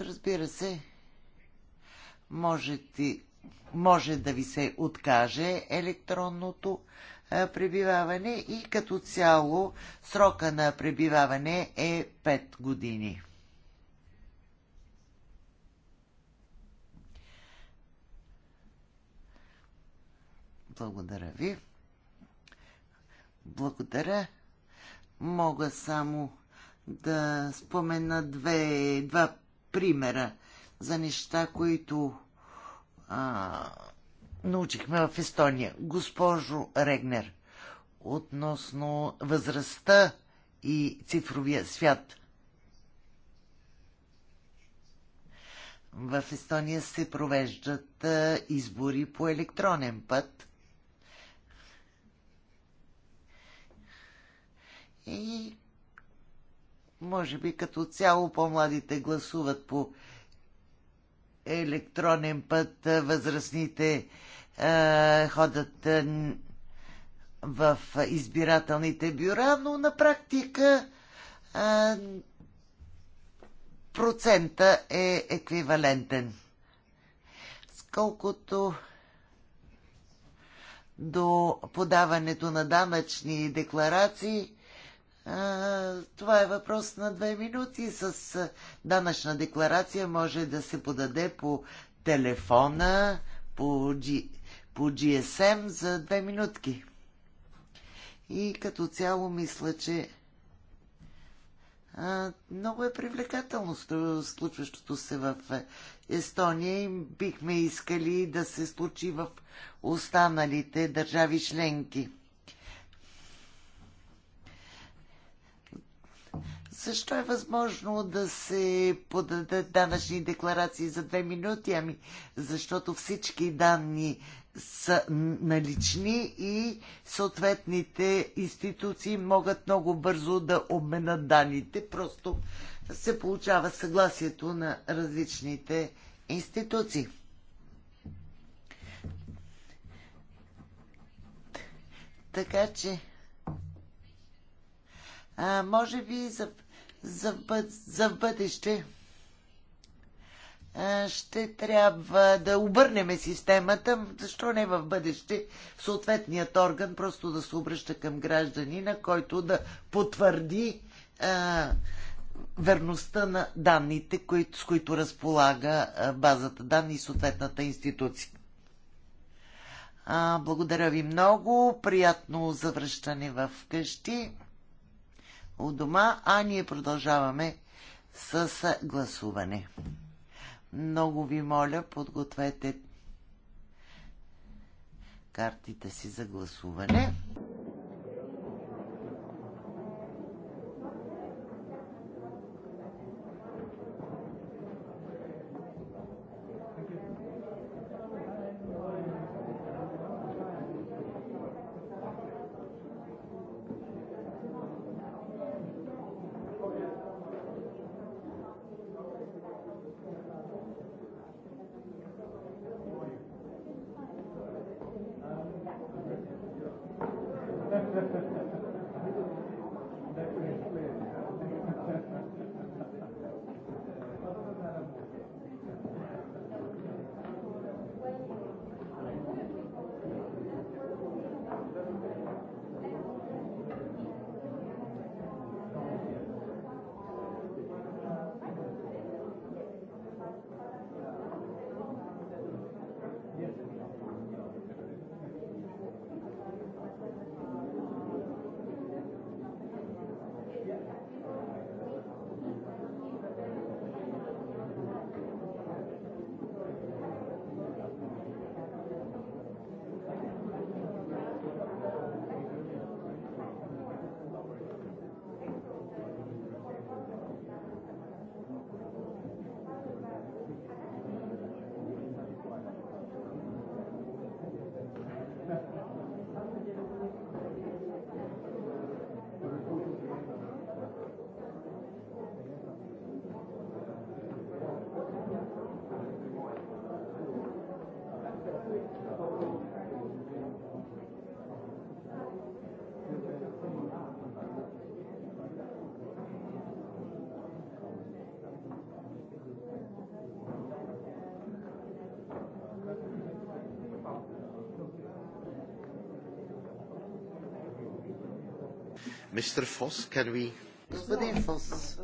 Разбира се, можете, може да ви се откаже електронното пребиваване и като цяло срока на пребиваване е 5 години. Благодаря ви. Благодаря. Мога само да спомена две, два примера за неща, които а, научихме в Естония. Госпожо Регнер, относно възрастта и цифровия свят. В Естония се провеждат избори по електронен път. И може би като цяло по-младите гласуват по електронен път, възрастните е, ходят е, в избирателните бюра, но на практика е, процента е еквивалентен. Сколкото до подаването на данъчни декларации, това е въпрос на две минути. С данъчна декларация може да се подаде по телефона, по по GSM за две минутки. И като цяло мисля, че а, много е привлекателно случващото се в е, Естония и бихме искали да се случи в останалите държави членки. Защо е възможно да се подадат данъчни декларации за две минути? Ами, защото всички данни са налични и съответните институции могат много бързо да обменят данните. Просто се получава съгласието на различните институции. Така че, а, може би за, за, за бъдеще ще трябва да обърнем системата, защо не в бъдеще, в съответният орган просто да се обръща към гражданина, който да потвърди а, верността на данните, които, с които разполага базата данни и съответната институция. А, благодаря ви много. Приятно завръщане в къщи у дома, а ние продължаваме с гласуване. Много ви моля, подгответе картите си за гласуване. Mr. Foss, can we... Господин Фос.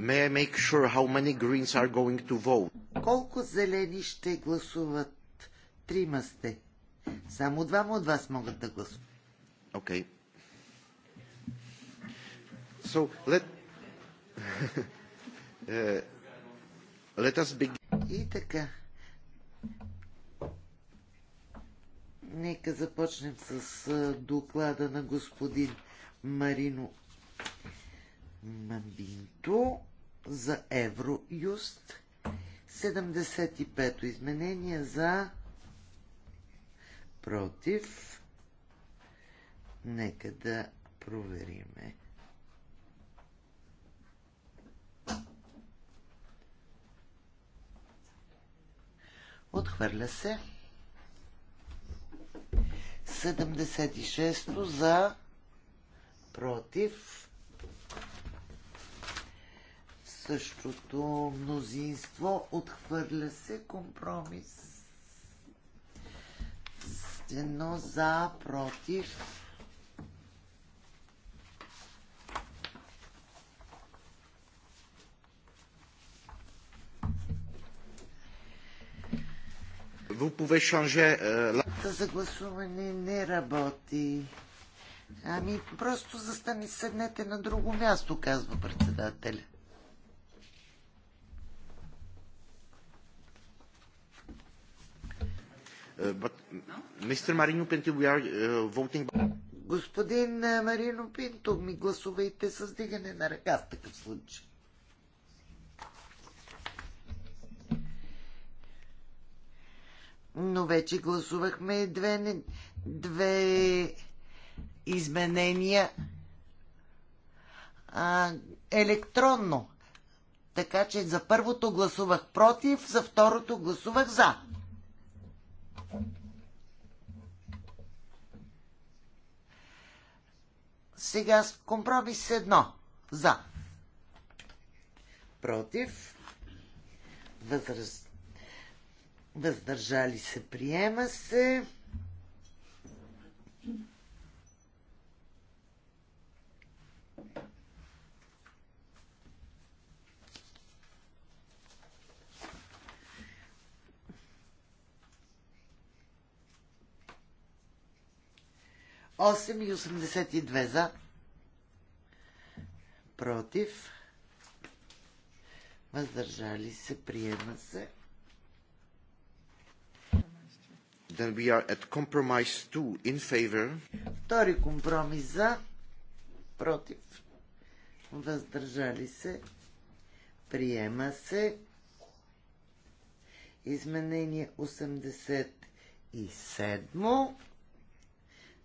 May I make sure how many greens are going to vote? Колко зелени ще гласуват? Трима сте. Само двама от вас могат да гласуват. Okay. So let uh, let us begin. И така. Нека започнем с uh, доклада на господин Марино Мамбинто за Евроюст. 75-то изменение за против. Нека да провериме. Отхвърля се. 76-то за против същото мнозинство. Отхвърля се компромис. Едно за, против. Vous euh, за гласуване не работи. Ами, просто застани, седнете на друго място, казва председателя. Eh, but, Mr. Marino Pinto, we are eh, voting... Господин eh, Марино Пинто, ми гласувайте с дигане на ръка в такъв случай. Но вече гласувахме две, две изменения а, електронно. Така че за първото гласувах против, за второто гласувах за. Сега компромис едно. За. Против. Въздържали се. Приема се. 8 и 82 за. Против. Въздържали се. Приема се. Then we are at compromise 2 in favor. Втори компромис за. Против. Въздържали се. Приема се. Изменение 87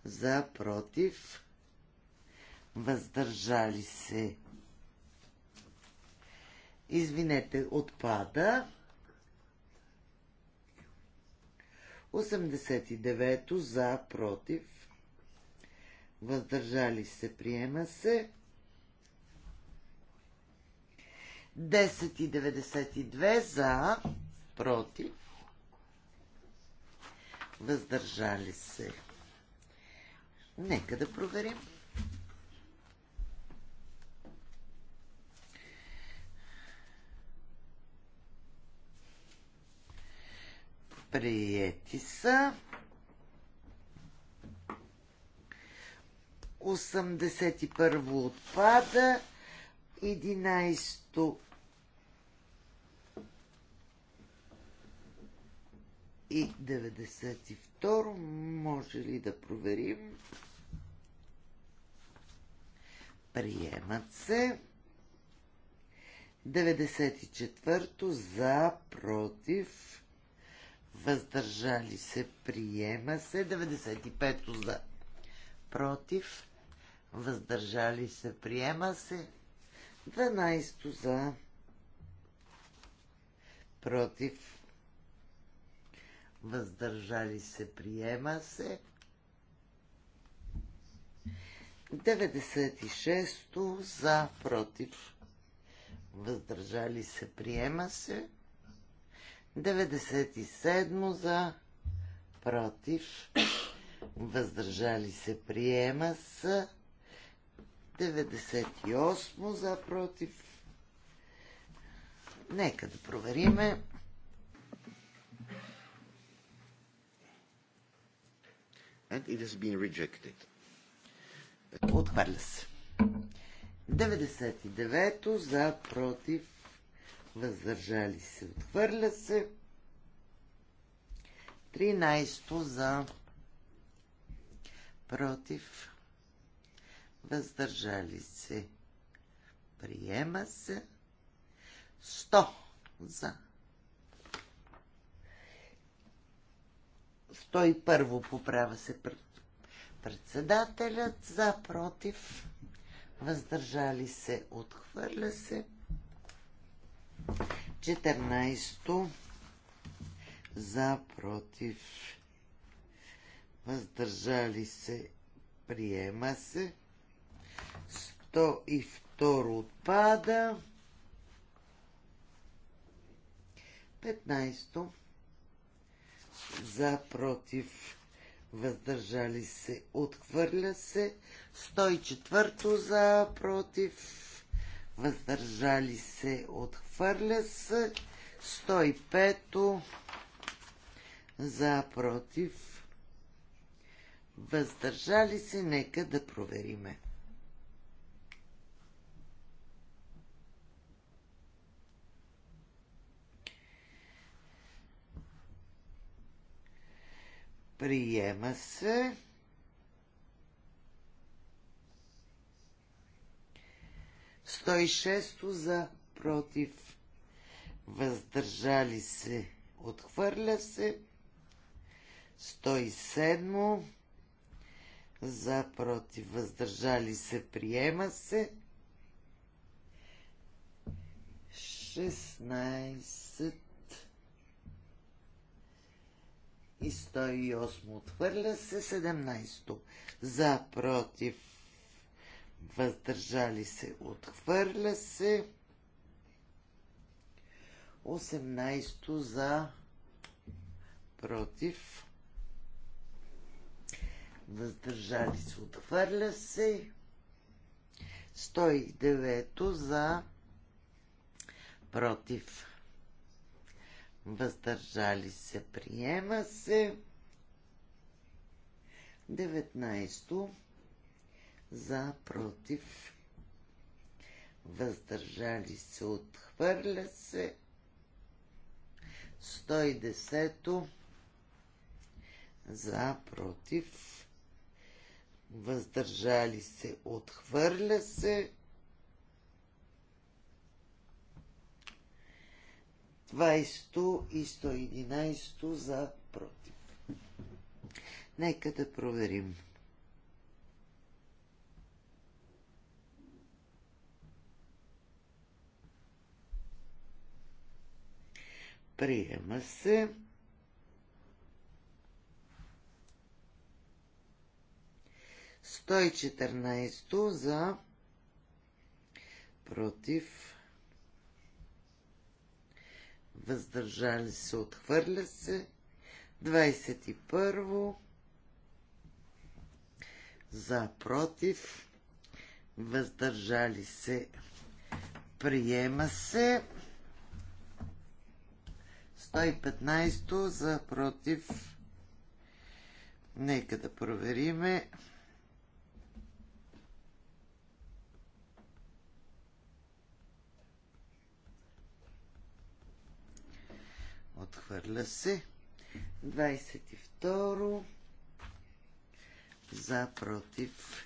за, против, въздържали се. Извинете, отпада. 89 за, против, въздържали се, приема се. 10 92 за, против, въздържали се. Нека да проверим. Приети са 81 во отпада 11 то и 92 може ли да проверим? Приемат се. 94-то за, против, въздържали се, приема се. 95-то за, против, въздържали се, приема се. 12-то за, против, въздържали се, приема се. 96-то за против. Въздържали се, приема се. 97 за против. Въздържали се, приема се. 98 за против. Нека да провериме. And it has been rejected. Отхвърля се. 99-то за против. Въздържали се. Отхвърля се. 13-то за против. Въздържали се. Приема се. 100 за 101 поправя се пред председателят за против въздържали се отхвърля се 14 за против въздържали се приема се 102 отпада 15 за против въздържали се, отхвърля се. 104 за, против, въздържали се, отхвърля се. 105 за, против, въздържали се, нека да провериме. Приема се. Сто и шесто за против. Въздържали се. Отхвърля се. 107 за против въздържали се приема се 16 и 108 отхвърля се, 17 за, против, въздържали се, отхвърля се, 18 за, против, въздържали се, отхвърля се, 109 за, против, въздържали се, приема се. 19 за, против, въздържали се, отхвърля се. 110 за, против, въздържали се, отхвърля се. 20 и 111 за против. Нека да проверим. Приема се. Сто и четирнайсто за против въздържали се, отхвърля се. 21 за, против, въздържали се, приема се. 115 за, против, нека да провериме. Отхвърля се. 22. За, против.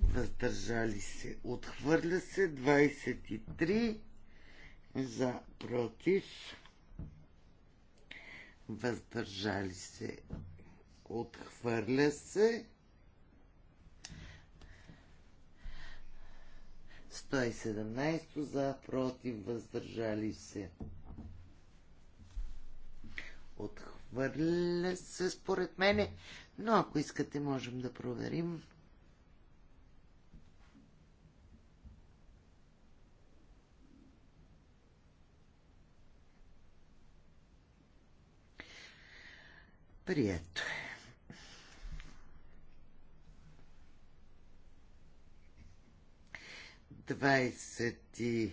Въздържали се. Отхвърля се. 23. За, против. Въздържали се. Отхвърля се. 117 за, против, въздържали се. Отхвърля се според мене, но ако искате, можем да проверим. Прието е. Двадесет 20...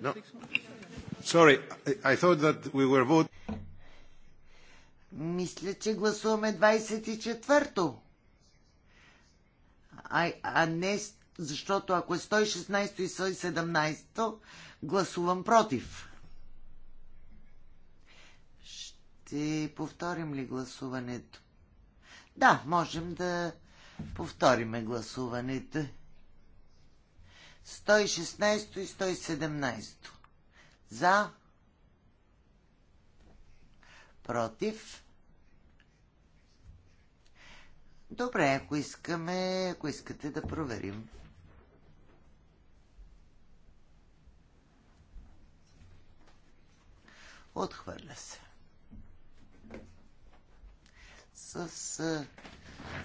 No. Sorry, I thought that we were Мисля, че гласуваме 24-то. А, а не, защото ако е 116 и 117, гласувам против. Ще повторим ли гласуването? Да, можем да повториме гласуването. 116 и 117. За. Против. Добре, ако искаме, ако искате да проверим. Отхвърля се. С,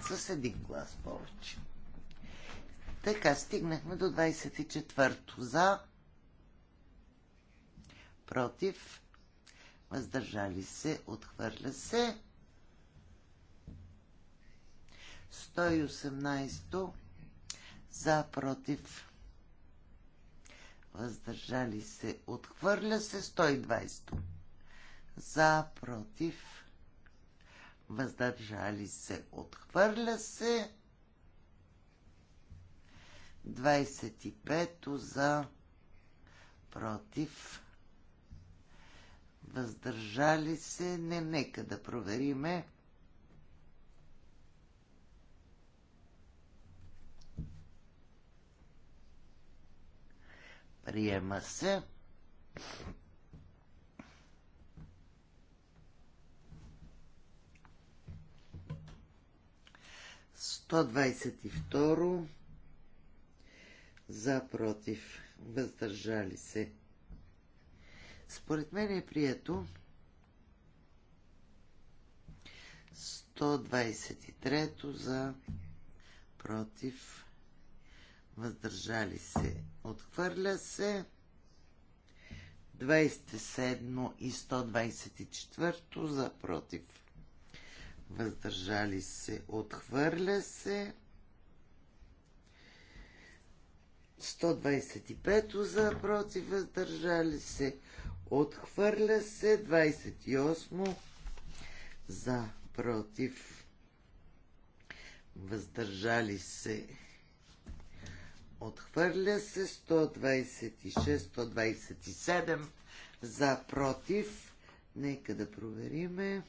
с един глас повече. Така, стигнахме до 24-то. За, против, въздържали се, отхвърля се. 118-то. За, против, въздържали се, отхвърля се. 120-то. За, против, въздържали се, отхвърля се. 25 за против. Въздържали се. Не, нека да провериме. Приема се. Сто двадцать и второ за против, въздържали се. Според мен е прието 123 за против, въздържали се. Отхвърля се 27 и 124 за против. Въздържали се. Отхвърля се 125 за против въздържали се. Отхвърля се 28 за против въздържали се. Отхвърля се 126-127 за против. Нека да провериме.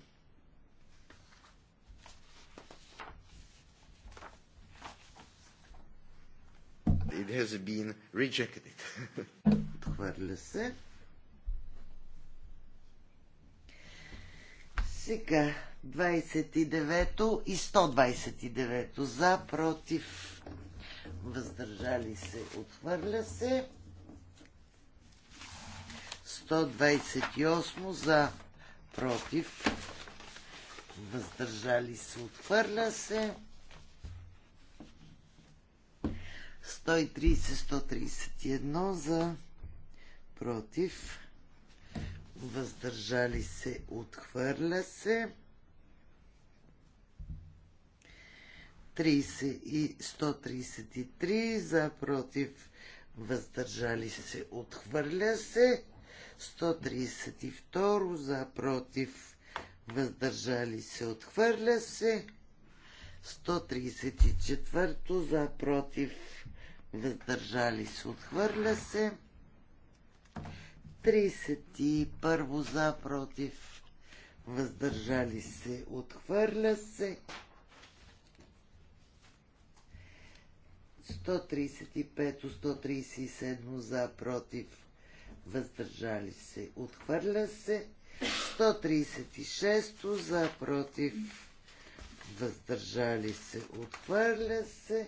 it has been rejected. Отхвърля се. Сега 29 и 129 за, против, въздържали се, отхвърля се. 128 за, против, въздържали се, отхвърля се. 130-131 за против. Въздържали се, отхвърля се. 30 и 133 за против. Въздържали се, отхвърля се. 132 за против. Въздържали се, отхвърля се. 134 за против въздържали се, отхвърля се. 31 за, против, въздържали се, отхвърля се. 135, 137 за, против, въздържали се, отхвърля се. 136 за, против, въздържали се, отхвърля се.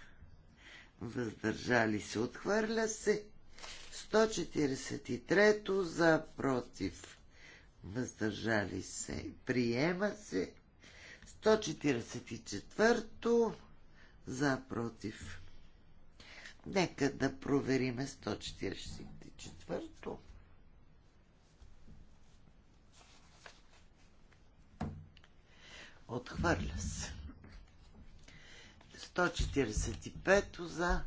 въздържали се, отхвърля се. 143 за против, въздържали се, приема се. 144 за против. Нека да провериме 144-то. Отхвърля се. 145 за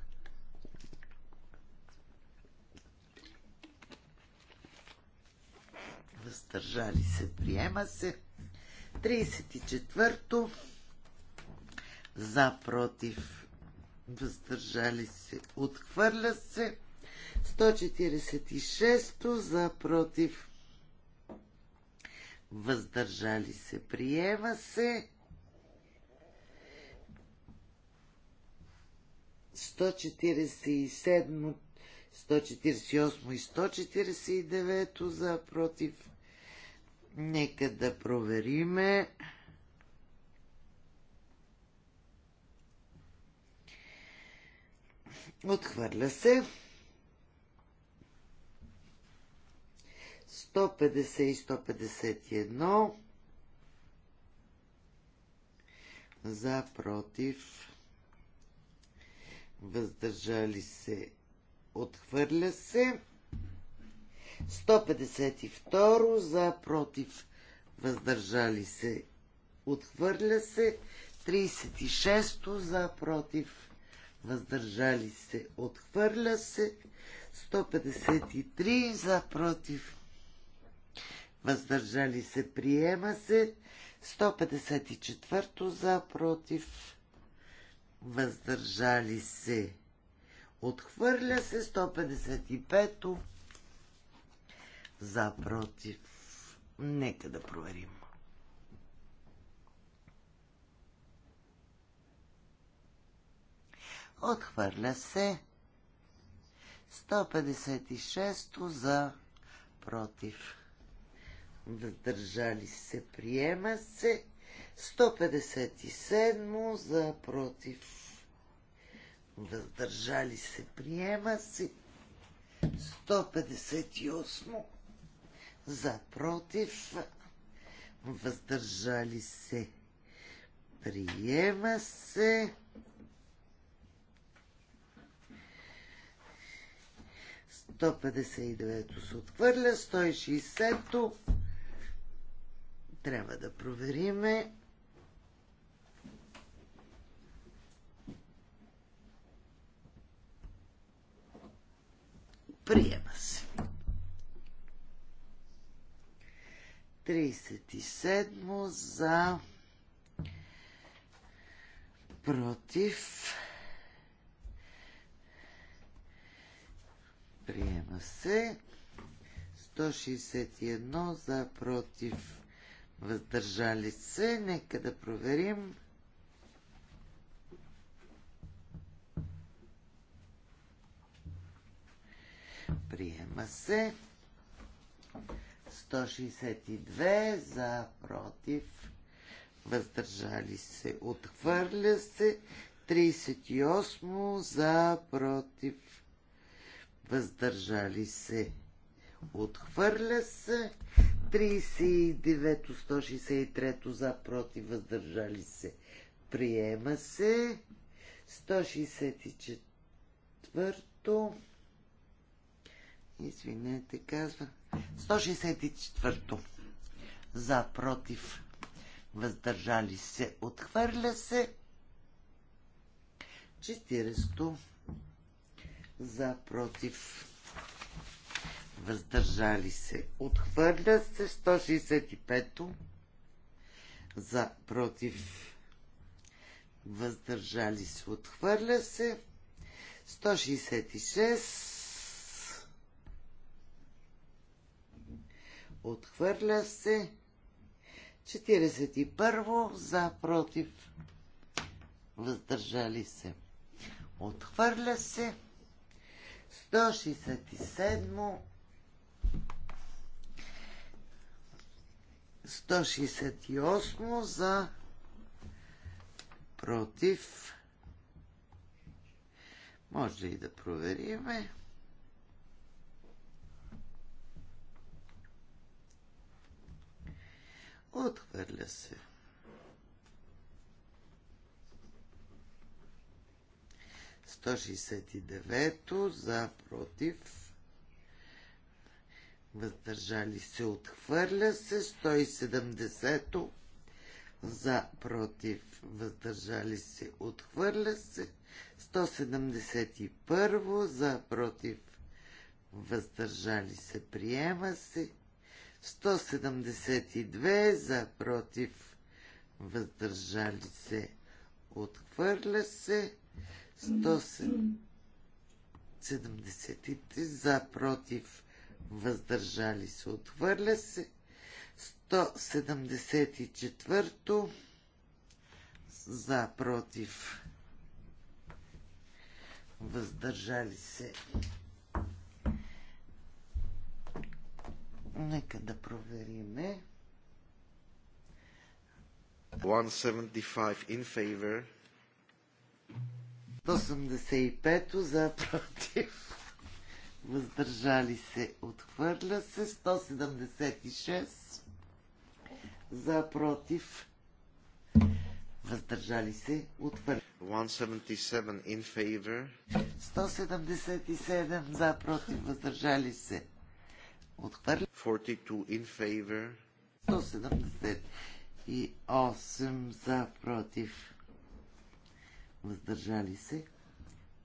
въздържали се, приема се. 34-то за против въздържали се, отхвърля се. 146-то за против въздържали се, приема се. 147, 148 и 149 за против. Нека да провериме. Отхвърля се. 150 и 151 за против въздържали се, отхвърля се. 152 за, против, въздържали се, отхвърля се. 36 за, против, въздържали се, отхвърля се. 153 за, против, въздържали се, приема се. 154 за, против, въздържали се. Отхвърля се 155-то за против. Нека да проверим. Отхвърля се 156-то за против. Въздържали се. Приема се 157 за против въздържали се приема се 158 за против въздържали се приема се 159 се отхвърля 160 трябва да провериме Приема се. 37 за против. Приема се. 161 за против. Въздържали се. Нека да проверим. Масе. 162 за, против, въздържали се, отхвърля се. 38 за, против, въздържали се, отхвърля се. 39 163 за, против, въздържали се, приема се. 164 Извинете, казва. 164-то. За, против, въздържали се, отхвърля се. 40-то. За, против, въздържали се, отхвърля се. 165-то. За, против, въздържали се, отхвърля се. 166 Отхвърля се. 41 за против. Въздържали се. Отхвърля се. 167. 168 за против. Може и да провериме. Отхвърля се. Сто за против. Въздържали се. Отхвърля се. 170 за против. Въздържали се. Отхвърля се. 171 за против. Въздържали се. Приема се. 172 за против въздържали се отхвърля се 173 за против въздържали се отхвърля се 174 за против въздържали се Нека да провериме. 175 in favor. 185 за против. Въздържали се, отхвърля се. 176 за против. Въздържали се, отхвърля. 177 in favor. 177 за против, въздържали се. Отхвърли. 42 in 178 за против. Въздържали се.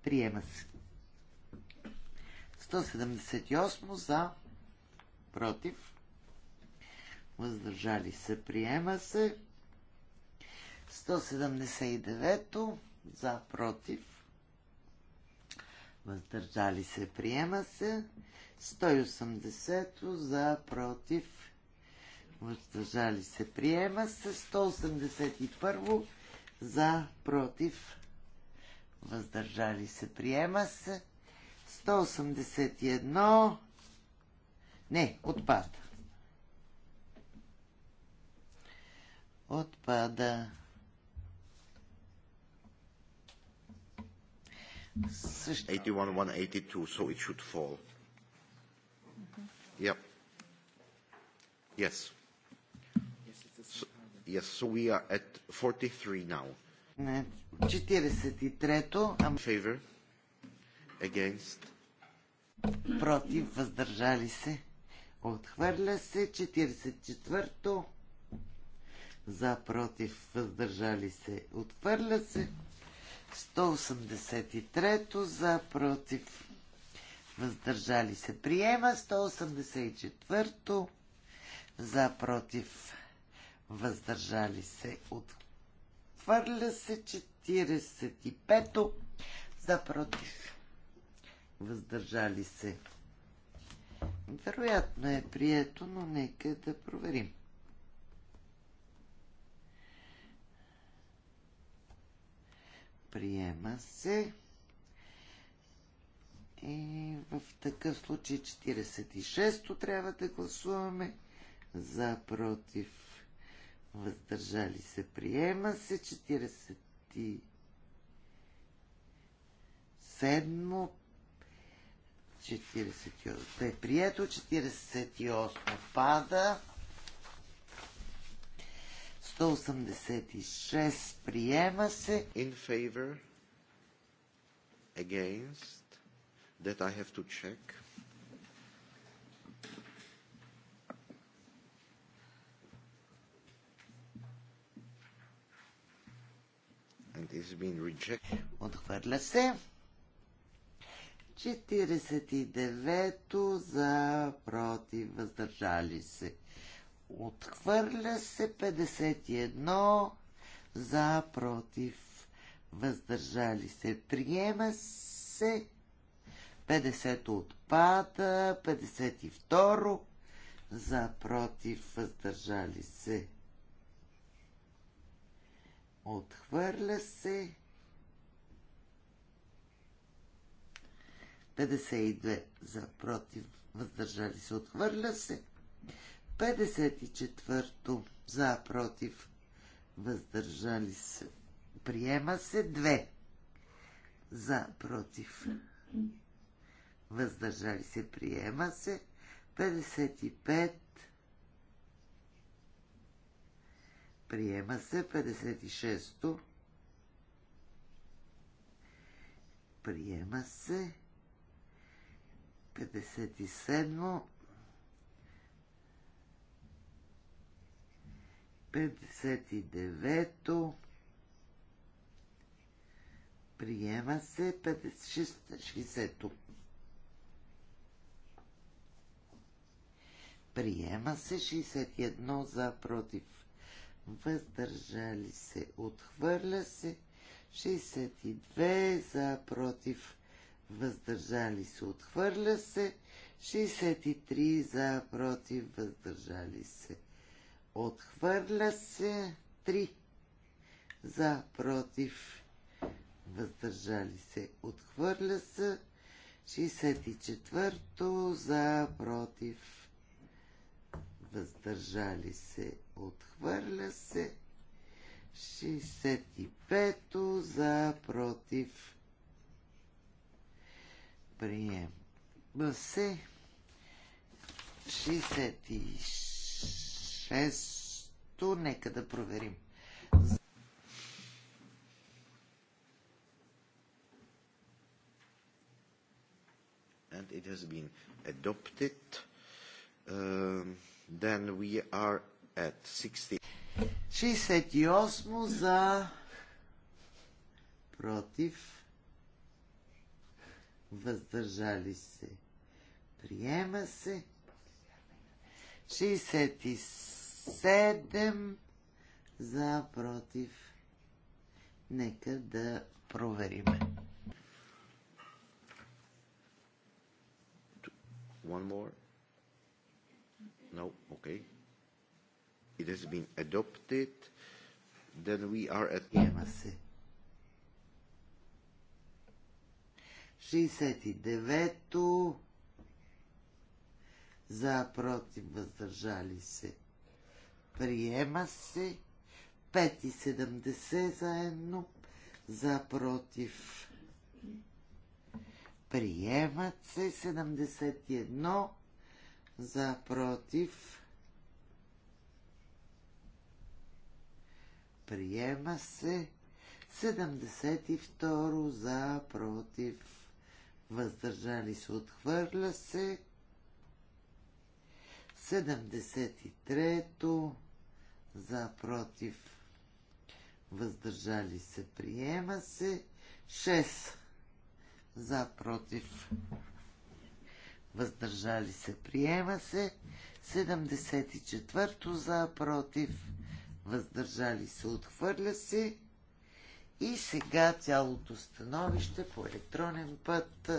Приема се. 178 за против. Въздържали се. Приема се. 179 за против. Въздържали се. Приема се. 180 за против въздържали се приема се 181 за против въздържали се приема се 181 не, отпада отпада Също... 81, 182, so it should fall. Yep. Yes. yes, so we are at 43 now. 43-то. Favor. Against. Против, въздържали се. Отхвърля се 44-то. За, против, въздържали се. Отхвърля се. 183-то. За, против, въздържали се. Приема 184-то за против въздържали се. Отхвърля се 45-то за против въздържали се. Вероятно е прието, но нека да проверим. Приема се. И в такъв случай 46-то трябва да гласуваме. За, против, въздържали се, приема се. 47-мо, 48 е прието, 48 пада. 186 приема се. In favor, against, that I have to check. And it's been rejected. Отхвърля се. 49-то за против въздържали се. Отхвърля се 51 за против въздържали се. Приема се 50 отпада, 52 за против, въздържали се. Отхвърля се. 52 за против, въздържали се. Отхвърля се. 54 за против, въздържали се. Приема се 2 за против въздържали се, приема се. 55, приема се. 56, приема се. 57, 59, приема се 60-то. Приема се 61 за против. Въздържали се. Отхвърля се. 62 за против. Въздържали се. Отхвърля се. 63 за против. Въздържали се. Отхвърля се. 3 за против. Въздържали се. Отхвърля се. 64 за против въздържали се, отхвърля се. 65-то за против. Прием. Се. 66-то. Нека да проверим. And it has been adopted. Um... Uh... Then we are at 60. 68 за против въздържали се. Приема се. 67 за против. Нека да провериме. One more. No? Okay. It has been adopted. Then we are at... Приема се. 69-то за, против, въздържали се. Приема се. 5 и 70 заедно за, против. Приемат се 71 за против. Приема се 72 за против. Въздържали се, отхвърля се. 73 за против. Въздържали се, приема се. 6 за против въздържали се, приема се. 74-то за, против, въздържали се, отхвърля се. И сега цялото становище по електронен път.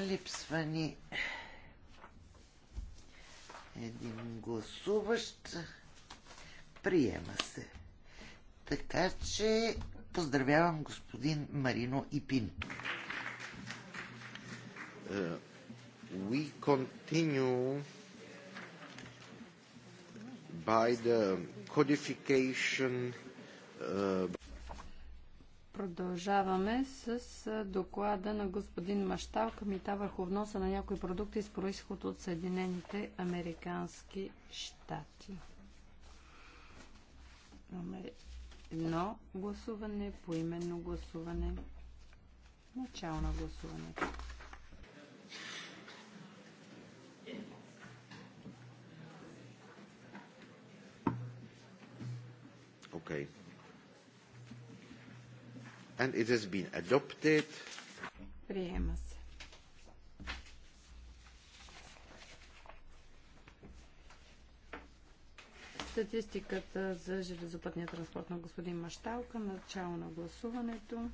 Липсва ни един гласуващ. Приема се. Така че поздравявам господин Марино и Пин. Uh, е, we continue by the codification uh... Продължаваме с е, доклада на господин Маштал към върху вноса на някои продукти с происход от Съединените Американски щати. Номер едно гласуване, поименно гласуване, начало на Окей. Okay. And it has been adopted. Приема се. Статистиката за железопътния транспорт на господин Машталка. Начало на гласуването.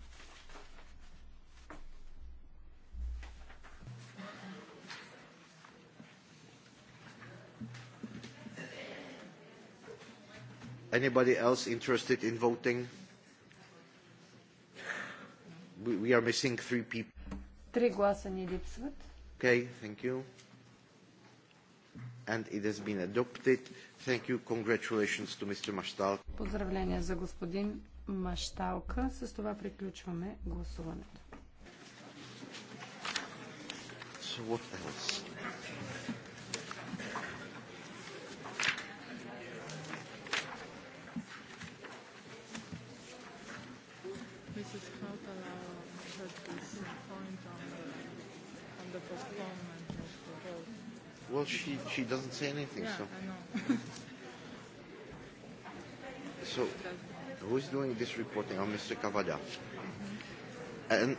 Anybody else interested in voting? We, are missing three people. Три гласа ни липсват. Okay, thank you and it has been adopted. Thank you. Congratulations to Mr. Maштал. Поздравления за господин Машталка. С това приключваме гласуването. So what else? Mrs. Kautala had this point on the, on the postponement of the vote. Well, she, she doesn't say anything, yeah, so. I know. so, is doing this reporting? I'm Mr. Cavada. And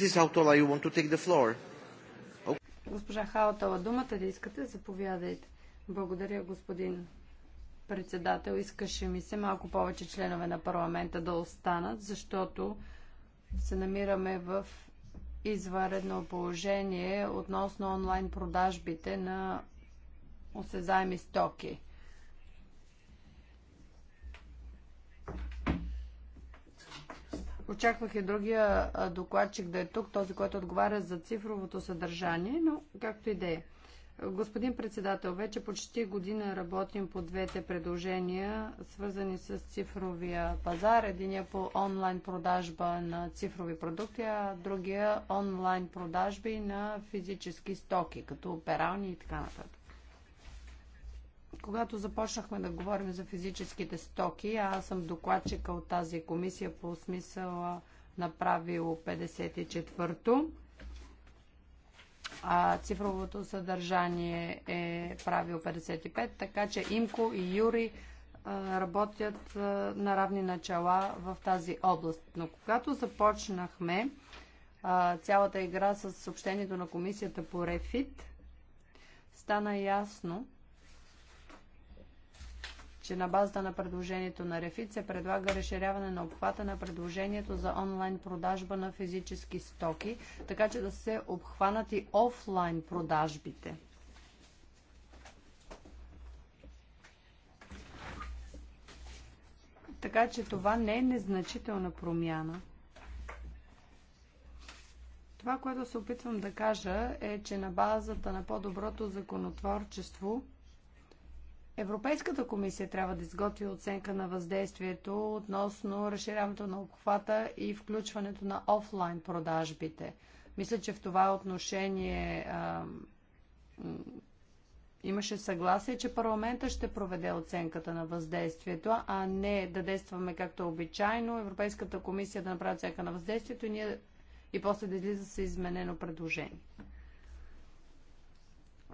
Mrs. Autola, you want to take the floor? Okay. Госпожа Хаутала, думата ли искате? Заповядайте. Благодаря, господин председател. Искаше ми се малко повече членове на парламента да останат, защото се намираме в извънредно положение относно онлайн продажбите на осезаеми стоки. Очаквах и другия докладчик да е тук, този, който отговаря за цифровото съдържание, но както и да е. Господин председател, вече почти година работим по двете предложения, свързани с цифровия пазар. Единия по онлайн продажба на цифрови продукти, а другия онлайн продажби на физически стоки, като оперални и така нататък когато започнахме да говорим за физическите стоки, аз съм докладчика от тази комисия по смисъл на правило 54-то, а цифровото съдържание е правило 55, така че Имко и Юри работят на равни начала в тази област. Но когато започнахме цялата игра с съобщението на комисията по Рефит, стана ясно, че на базата на предложението на Рефит се предлага разширяване на обхвата на предложението за онлайн продажба на физически стоки, така че да се обхванат и офлайн продажбите. Така че това не е незначителна промяна. Това, което се опитвам да кажа е, че на базата на по-доброто законотворчество – Европейската комисия трябва да изготви оценка на въздействието относно разширяването на обхвата и включването на офлайн продажбите. Мисля, че в това отношение а, имаше съгласие, че парламента ще проведе оценката на въздействието, а не да действаме както обичайно, Европейската комисия да направи оценка на въздействието и, ние, и после да излиза с изменено предложение.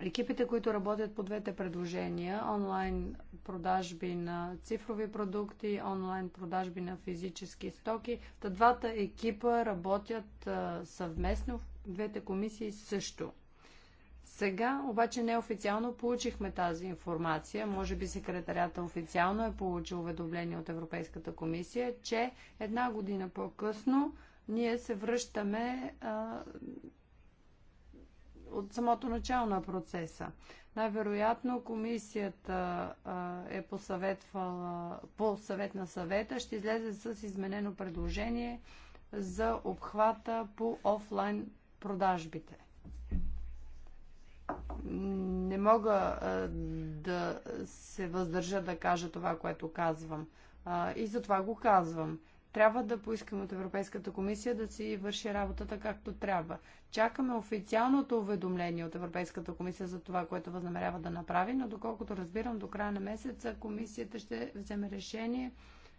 Екипите, които работят по двете предложения, онлайн продажби на цифрови продукти, онлайн продажби на физически стоки, та двата екипа работят съвместно, в двете комисии също. Сега обаче неофициално получихме тази информация. Може би секретарята официално е получил уведомление от Европейската комисия, че една година по-късно ние се връщаме а, от самото начало на процеса. Най-вероятно комисията е посъветвала, по съвет на съвета, ще излезе с изменено предложение за обхвата по офлайн продажбите. Не мога да се въздържа да кажа това, което казвам. И затова го казвам. Трябва да поискаме от Европейската комисия да си върши работата както трябва. Чакаме официалното уведомление от Европейската комисия за това, което възнамерява да направи, но доколкото разбирам, до края на месеца комисията ще вземе решение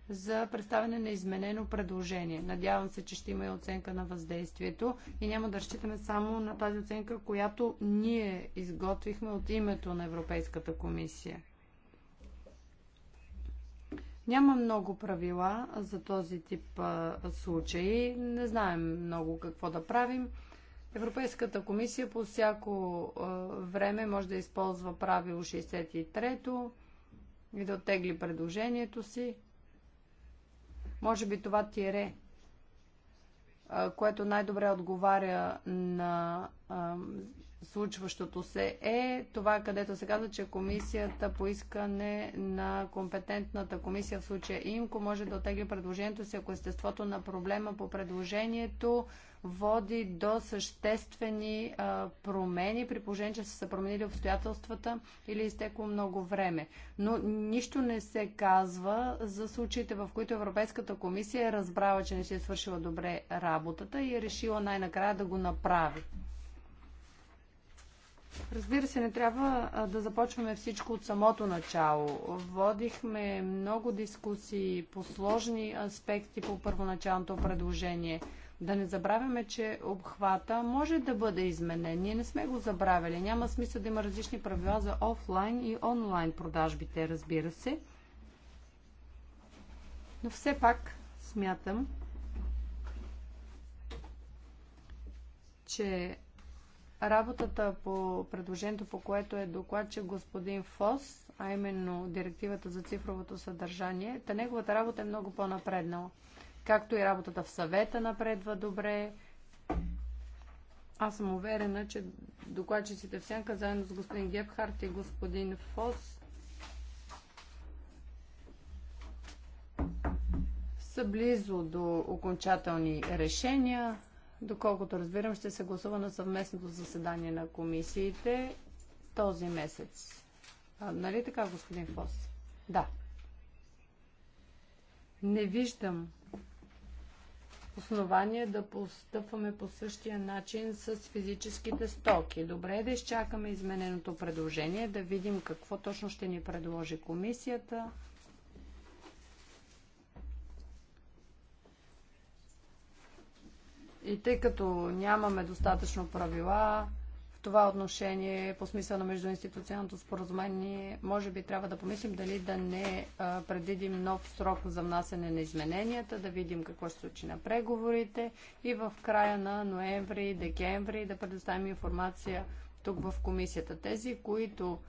за представяне на изменено предложение. Надявам се, че ще има и оценка на въздействието и няма да разчитаме само на тази оценка, която ние изготвихме от името на Европейската комисия. Няма много правила за този тип случаи. Не знаем много какво да правим. Европейската комисия по всяко време може да използва правило 63-то и да оттегли предложението си. Може би това тире, което най-добре отговаря на случващото се е това, където се казва, че комисията по искане на компетентната комисия, в случая ИМКО, може да отегли предложението си, ако естеството на проблема по предложението води до съществени а, промени, при положение, че са се променили обстоятелствата или е изтекло много време. Но нищо не се казва за случаите, в които Европейската комисия е разбрала, че не си е свършила добре работата и е решила най-накрая да го направи. Разбира се, не трябва да започваме всичко от самото начало. Водихме много дискусии по сложни аспекти по първоначалното предложение. Да не забравяме, че обхвата може да бъде изменен. Ние не сме го забравили. Няма смисъл да има различни правила за офлайн и онлайн продажбите, разбира се. Но все пак смятам, че Работата по предложението, по което е докладчик господин Фос, а именно директивата за цифровото съдържание, та неговата работа е много по-напреднала. Както и работата в съвета напредва добре. Аз съм уверена, че докладчиците в сянка, заедно с господин Гепхарт и господин Фос, са близо до окончателни решения. Доколкото разбирам, ще се гласува на съвместното заседание на комисиите този месец. А, нали така, господин Фос? Да. Не виждам основание да постъпваме по същия начин с физическите стоки. Добре е да изчакаме измененото предложение, да видим какво точно ще ни предложи комисията. И тъй като нямаме достатъчно правила в това отношение по смисъл на междуинституционното споразумение, може би трябва да помислим дали да не предвидим нов срок за внасяне на измененията, да видим какво ще случи на преговорите и в края на ноември, декември да предоставим информация тук в комисията. Тези, които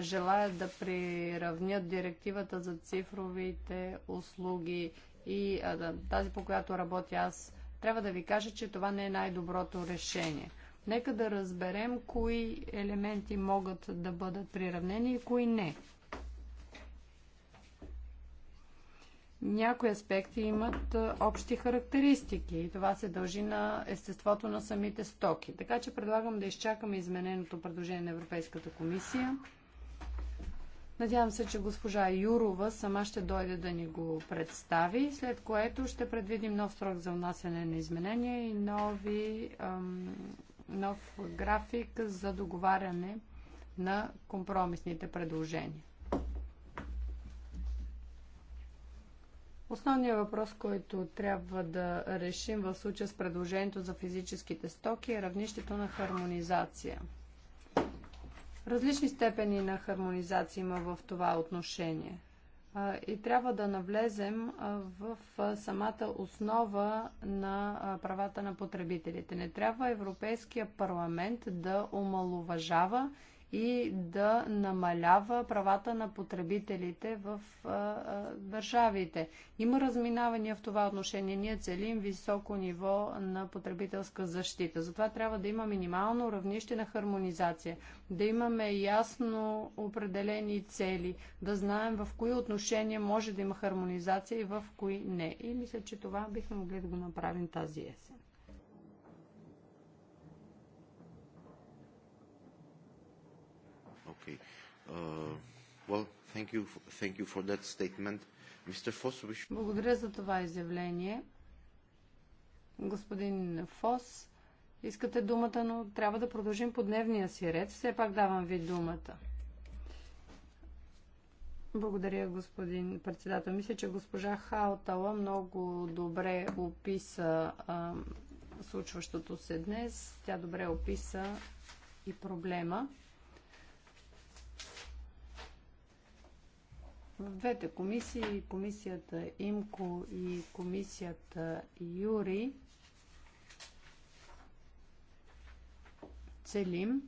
желаят да приравнят директивата за цифровите услуги и тази, по която работя аз, трябва да ви кажа, че това не е най-доброто решение. Нека да разберем кои елементи могат да бъдат приравнени и кои не. Някои аспекти имат общи характеристики и това се дължи на естеството на самите стоки. Така че предлагам да изчакаме измененото предложение на Европейската комисия. Надявам се, че госпожа Юрова сама ще дойде да ни го представи, след което ще предвидим нов срок за внасяне на изменения и нови, ам, нов график за договаряне на компромисните предложения. Основният въпрос, който трябва да решим в случая с предложението за физическите стоки е равнището на хармонизация – Различни степени на хармонизация има в това отношение. И трябва да навлезем в самата основа на правата на потребителите. Не трябва Европейския парламент да омалуважава и да намалява правата на потребителите в а, а, държавите. Има разминавания в това отношение. Ние целим високо ниво на потребителска защита. Затова трябва да има минимално равнище на хармонизация, да имаме ясно определени цели, да знаем в кои отношения може да има хармонизация и в кои не. И мисля, че това бихме могли да го направим тази есен. Uh, well, thank you, thank you for that statement. Mr. Foss, Благодаря за това изявление. Господин Фос, искате думата, но трябва да продължим по дневния си ред. Все пак давам ви думата. Благодаря, господин председател. Мисля, че госпожа Хаотала много добре описа а, случващото се днес. Тя добре описа и проблема. В двете комисии, комисията ИМКО и комисията ЮРИ, целим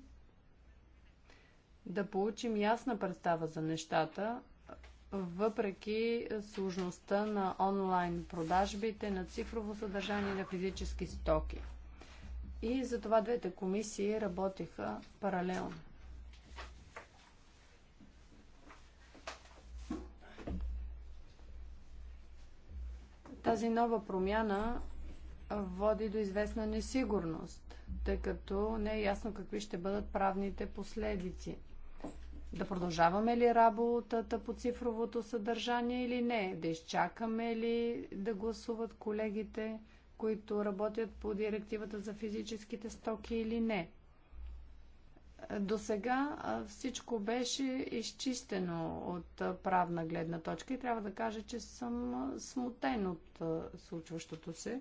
да получим ясна представа за нещата, въпреки сложността на онлайн продажбите, на цифрово съдържание на физически стоки. И затова двете комисии работиха паралелно. Тази нова промяна води до известна несигурност, тъй като не е ясно какви ще бъдат правните последици. Да продължаваме ли работата по цифровото съдържание или не? Да изчакаме ли да гласуват колегите, които работят по директивата за физическите стоки или не? До сега всичко беше изчистено от правна гледна точка и трябва да кажа, че съм смутен от случващото се.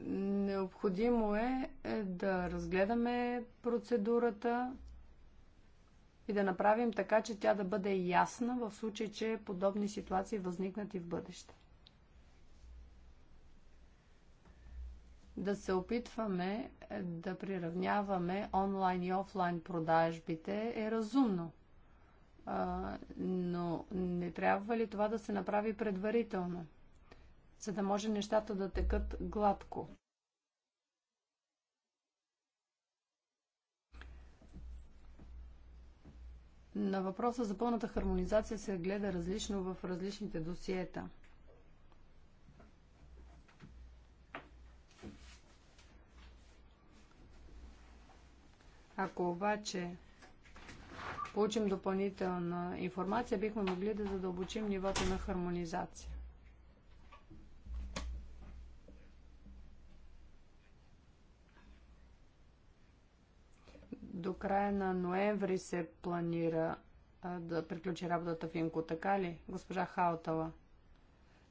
Необходимо е, е да разгледаме процедурата и да направим така, че тя да бъде ясна в случай, че подобни ситуации възникнат и в бъдеще. да се опитваме е, да приравняваме онлайн и офлайн продажбите е разумно. но не трябва ли това да се направи предварително, за да може нещата да текат гладко? На въпроса за пълната хармонизация се гледа различно в различните досиета – Ако обаче получим допълнителна информация, бихме могли да задълбочим нивото на хармонизация. До края на ноември се планира да приключи работата в Инко. така ли, госпожа Хаутала?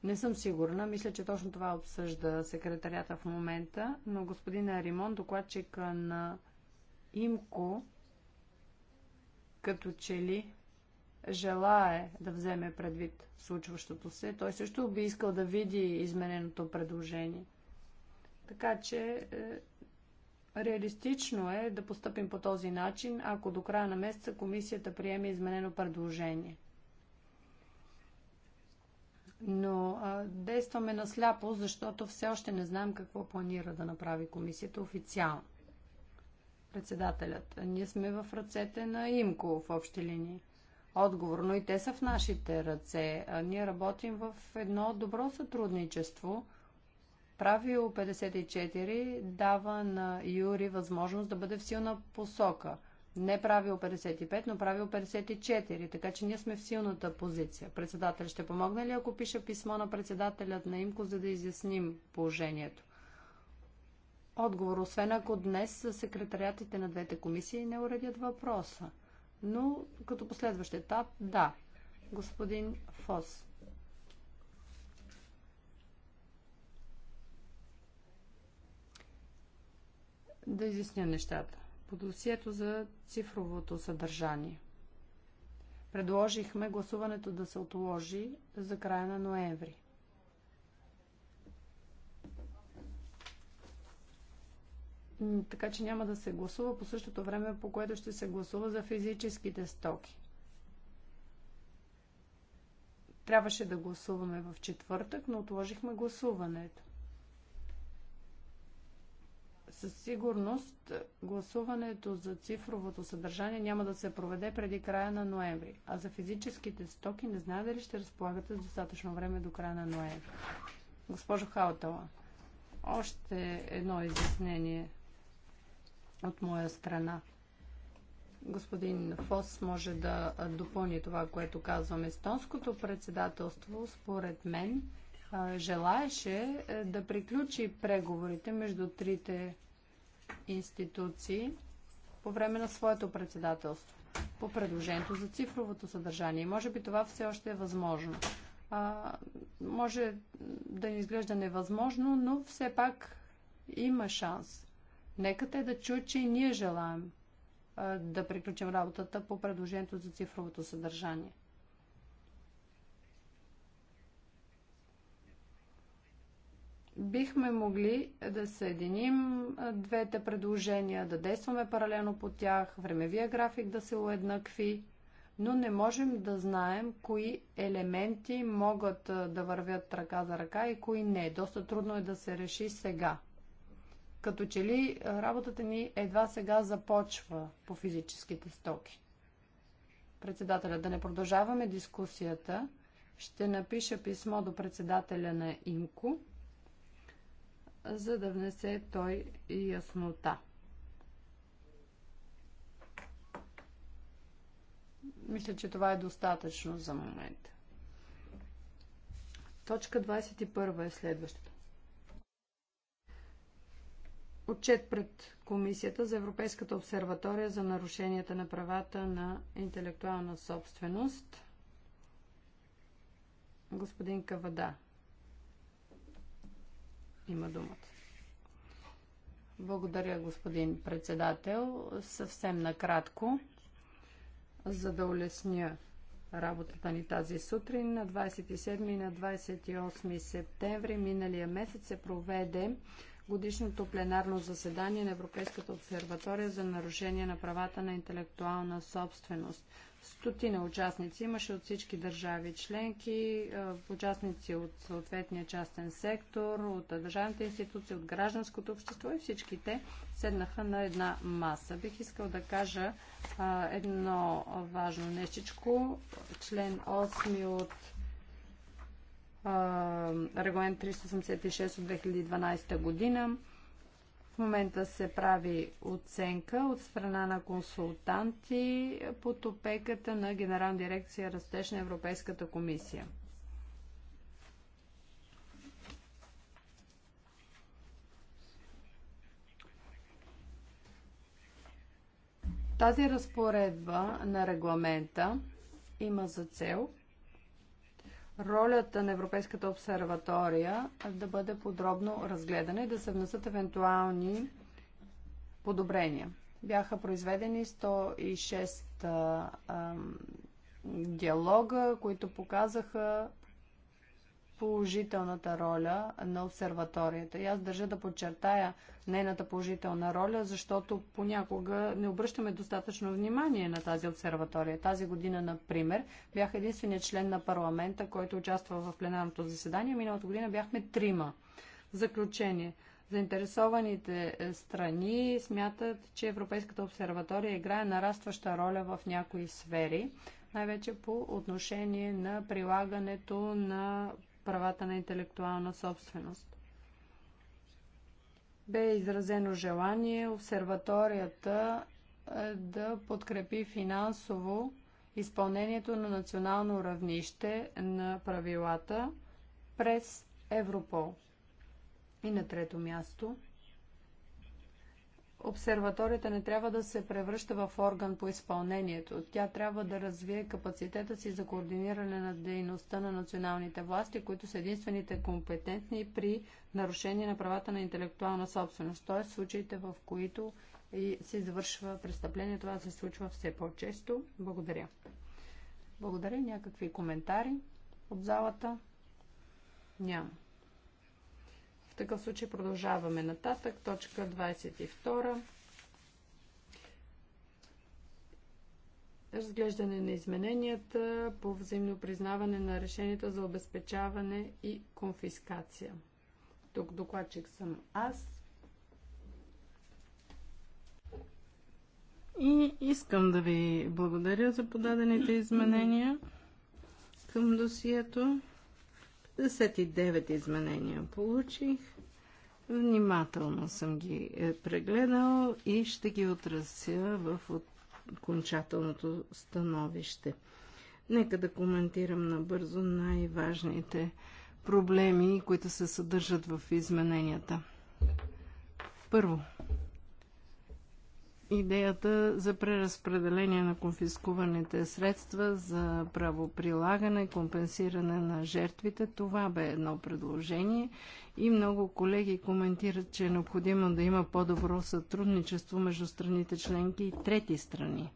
Не съм сигурна. Мисля, че точно това обсъжда секретарята в момента, но господин Аримон, докладчик на ИМКО като че ли желае да вземе предвид случващото се. Той също би искал да види измененото предложение. Така че е, реалистично е да поступим по този начин, ако до края на месеца комисията приеме изменено предложение. Но а, действаме насляпо, защото все още не знаем какво планира да направи комисията официално. Председателят, ние сме в ръцете на Имко в общи линии. Отговор, но и те са в нашите ръце. Ние работим в едно добро сътрудничество. Правило 54 дава на Юри възможност да бъде в силна посока. Не правило 55, но правило 54, така че ние сме в силната позиция. Председател ще помогне ли, ако пише писмо на председателят на Имко, за да изясним положението? отговор, освен ако днес секретариатите на двете комисии не уредят въпроса. Но като последващ етап, да. Господин Фос. Да изясня нещата. По досието за цифровото съдържание. Предложихме гласуването да се отложи за края на ноември. така че няма да се гласува по същото време, по което ще се гласува за физическите стоки. Трябваше да гласуваме в четвъртък, но отложихме гласуването. Със сигурност гласуването за цифровото съдържание няма да се проведе преди края на ноември, а за физическите стоки не знае дали ще разполагате с достатъчно време до края на ноември. Госпожо Хаутала, още едно изяснение от моя страна. Господин Фос може да допълни това, което казвам. Естонското председателство, според мен, желаеше е, да приключи преговорите между трите институции по време на своето председателство по предложението за цифровото съдържание. Може би това все още е възможно. А, може да ни изглежда невъзможно, но все пак има шанс. Нека те да чуят, че и ние желаем да приключим работата по предложението за цифровото съдържание. Бихме могли да съединим двете предложения, да действаме паралелно по тях, времевия график да се уеднакви, но не можем да знаем кои елементи могат да вървят ръка за ръка и кои не. Доста трудно е да се реши сега. Като че ли работата ни едва сега започва по физическите стоки. Председателя, да не продължаваме дискусията, ще напиша писмо до председателя на ИМКО, за да внесе той и яснота. Мисля, че това е достатъчно за момента. Точка 21 е следващата. Отчет пред Комисията за Европейската обсерватория за нарушенията на правата на интелектуална собственост. Господин Кавада има думата. Благодаря, господин председател. Съвсем накратко, за да улесня работата ни тази сутрин. На 27 и на 28 септември миналия месец се проведе годишното пленарно заседание на Европейската обсерватория за нарушение на правата на интелектуална собственост. Стотина участници имаше от всички държави членки, е, участници от съответния частен сектор, от държавните институции, от гражданското общество и всички те седнаха на една маса. Бих искал да кажа е, едно важно нещичко. Член 8 от регламент 386 от 2012 година. В момента се прави оценка от страна на консултанти под опеката на Генерална дирекция Растеж на Европейската комисия. Тази разпоредба на регламента има за цел ролята на Европейската обсерватория да бъде подробно разгледана и да се внесат евентуални подобрения. Бяха произведени 106 диалога, които показаха положителната роля на обсерваторията. И аз държа да подчертая нейната положителна роля, защото понякога не обръщаме достатъчно внимание на тази обсерватория. Тази година, например, бях единственият член на парламента, който участва в пленарното заседание. Миналата година бяхме трима. Заключение. Заинтересованите е, страни смятат, че Европейската обсерватория играе нарастваща роля в някои сфери най-вече по отношение на прилагането на правата на интелектуална собственост. Бе изразено желание обсерваторията е, да подкрепи финансово изпълнението на национално равнище на правилата през Европол. И на трето място – Обсерваторията не трябва да се превръща в орган по изпълнението. Тя трябва да развие капацитета си за координиране на дейността на националните власти, които са единствените компетентни при нарушение на правата на интелектуална собственост, т.е. случаите, в които и се извършва престъпление. Това се случва все по-често. Благодаря. Благодаря. Някакви коментари от залата? Няма такъв случай продължаваме нататък. Точка 22. разглеждане на измененията по взаимно признаване на решенията за обезпечаване и конфискация. Тук докладчик съм аз. И искам да ви благодаря за подадените изменения към досието. 59 изменения получих. Внимателно съм ги е, прегледал и ще ги отразя в окончателното становище. Нека да коментирам набързо най-важните проблеми, които се съдържат в измененията. Първо, идеята за преразпределение на конфискуваните средства за правоприлагане, компенсиране на жертвите. Това бе едно предложение и много колеги коментират, че е необходимо да има по-добро сътрудничество между страните членки и трети страни,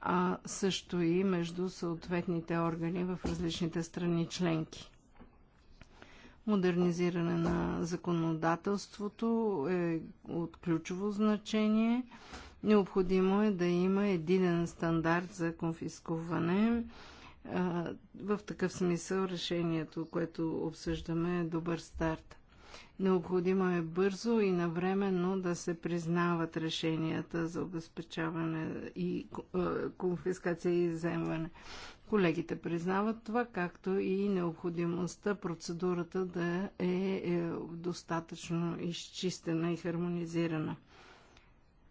а също и между съответните органи в различните страни членки. Модернизиране на законодателството е от ключово значение. Необходимо е да има единен стандарт за конфискуване. В такъв смисъл решението, което обсъждаме, е добър старт. Необходимо е бързо и навременно да се признават решенията за обезпечаване и конфискация и вземане. Колегите признават това, както и необходимостта процедурата да е, е достатъчно изчистена и хармонизирана.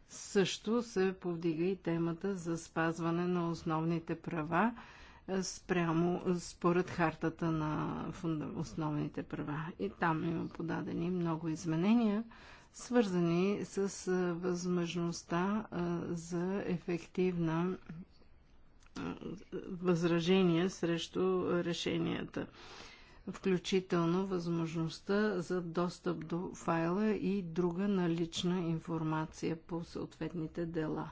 Също се повдига и темата за спазване на основните права е, спрямо според хартата на фунда... основните права. И там има подадени много изменения, свързани с е, възможността за ефективна възражения срещу решенията, включително възможността за достъп до файла и друга налична информация по съответните дела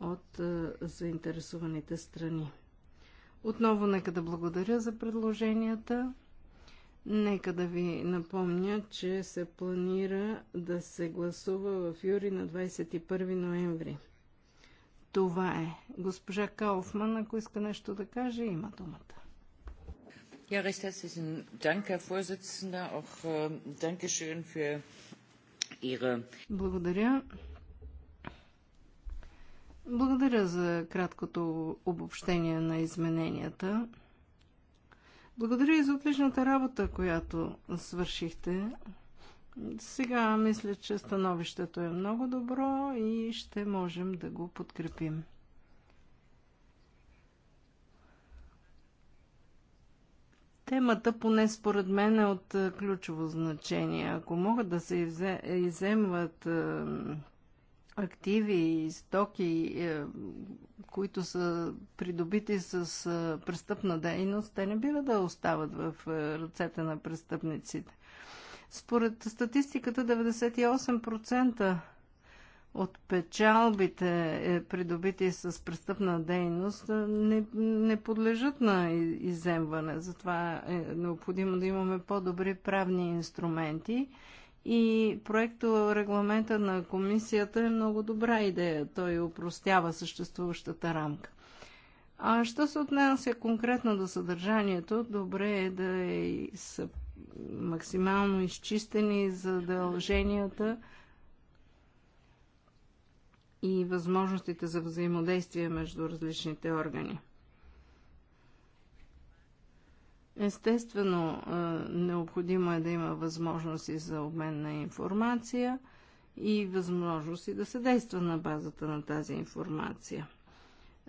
от е, заинтересованите страни. Отново нека да благодаря за предложенията. Нека да ви напомня, че се планира да се гласува в Юри на 21 ноември. Това е. Госпожа Кауфман, ако иска нещо да каже, има думата. Ja, recht herzlichen Dank, Herr Vorsitzender. Auch äh, Dankeschön für Ihre. Благодаря. Благодаря за краткото обобщение на измененията. Благодаря и за отличната работа, която свършихте. Сега мисля, че становището е много добро и ще можем да го подкрепим. Темата, поне според мен, е от е, ключово значение. Ако могат да се е, иземват е, активи и стоки, които са придобити с престъпна дейност, те не бива да остават в ръцете на престъпниците. Според статистиката 98% от печалбите, е, придобити с престъпна дейност, е, не, не подлежат на иземване. Затова е необходимо да имаме по-добри правни инструменти. И проекто регламента на комисията е много добра идея. Той упростява съществуващата рамка. А що се отнася конкретно до съдържанието, добре е да е, максимално изчистени задълженията и възможностите за взаимодействие между различните органи. Естествено, е, необходимо е да има възможности за обмен на информация и възможности да се действа на базата на тази информация.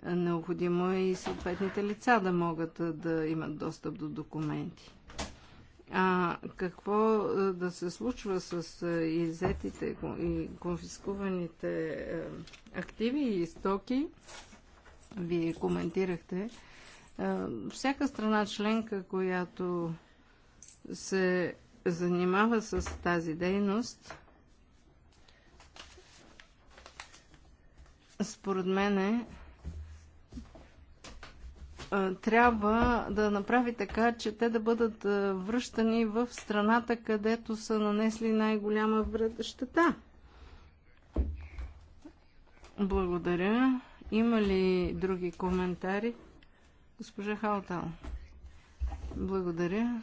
Е, необходимо е и съответните лица да могат е, да имат достъп до документи. А какво да се случва с изетите и конфискуваните активи и стоки, вие коментирахте. Всяка страна членка, която се занимава с тази дейност, според мен е трябва да направи така, че те да бъдат връщани в страната, където са нанесли най-голяма щета. Благодаря. Има ли други коментари? Госпожа Халтал. Благодаря.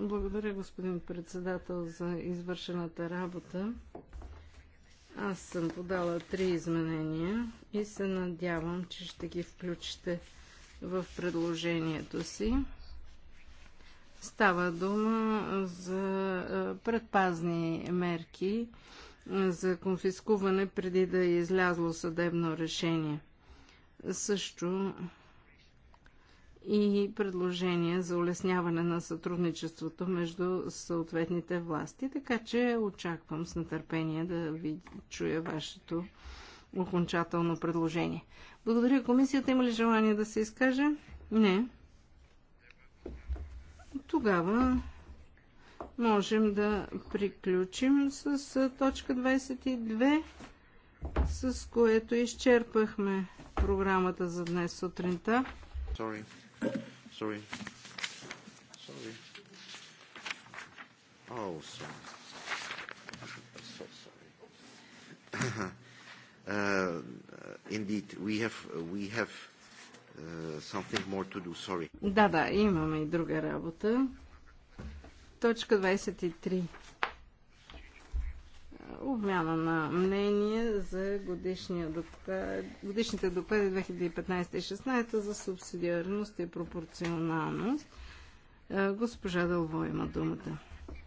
Благодаря, господин председател, за извършената работа. Аз съм подала три изменения и се надявам, че ще ги включите в предложението си. Става дума за предпазни мерки за конфискуване преди да е излязло съдебно решение. Също и предложения за улесняване на сътрудничеството между съответните власти. Така че очаквам с нетърпение да ви чуя вашето окончателно предложение. Благодаря. Комисията има ли желание да се изкаже? Не. Тогава можем да приключим с точка 22, с което изчерпахме програмата за днес сутринта. Sorry. Sorry. Sorry. Oh, sorry. So sorry. uh, Uh, indeed, we have, uh, we have uh, something more to do. Sorry. Да, да, имаме и друга работа. Точка 23. Обмяна на мнение за годишния доклад, годишните доклади 2015 и 2016 за субсидиарност и пропорционалност. Е, госпожа Дълво има думата.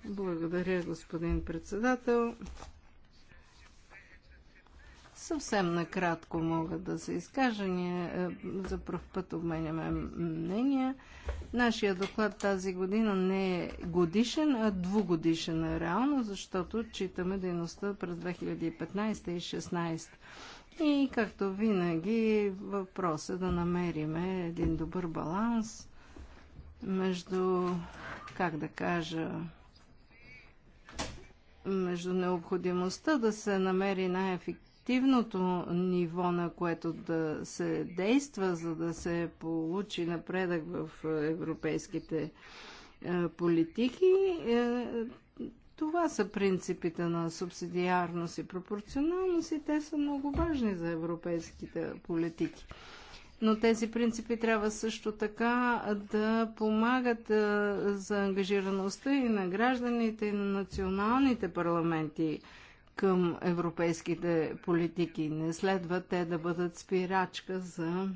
Благодаря, господин председател. Съвсем накратко мога да се изкажа. Ние е, за първ път обменяме мнения. Нашия доклад тази година не е годишен, а двугодишен е реално, защото читаме дейността през 2015 и 2016. И както винаги въпрос е да намерим един добър баланс между, как да кажа, между необходимостта да се намери най-ефективно ефективното ниво, на което да се действа, за да се получи напредък в европейските е, политики. Е, това са принципите на субсидиарност и пропорционалност и те са много важни за европейските политики. Но тези принципи трябва също така да помагат е, за ангажираността и на гражданите, и на националните парламенти към европейските политики. Не следва те да бъдат спирачка за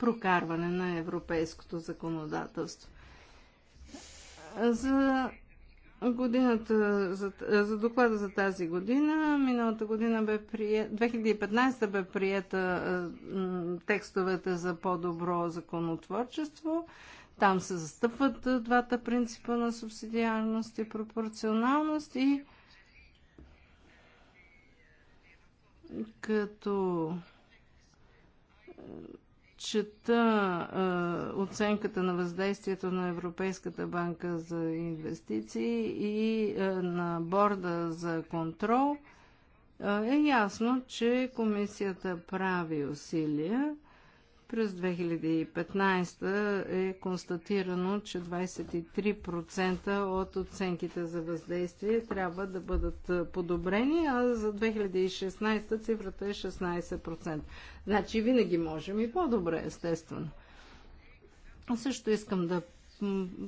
прокарване на европейското законодателство. За годината, за, за доклада за тази година, миналата година бе прият, 2015 бе прията текстовете за по-добро законотворчество. Там се застъпват двата принципа на субсидиарност и пропорционалност и като е, чета а, е, оценката на въздействието на Европейската банка за инвестиции и а, е, на борда за контрол, е ясно, че комисията прави усилия през 2015 е констатирано, че 23% от оценките за въздействие трябва да бъдат подобрени, а за 2016 цифрата е 16%. Значи винаги можем и по-добре, естествено. Също искам да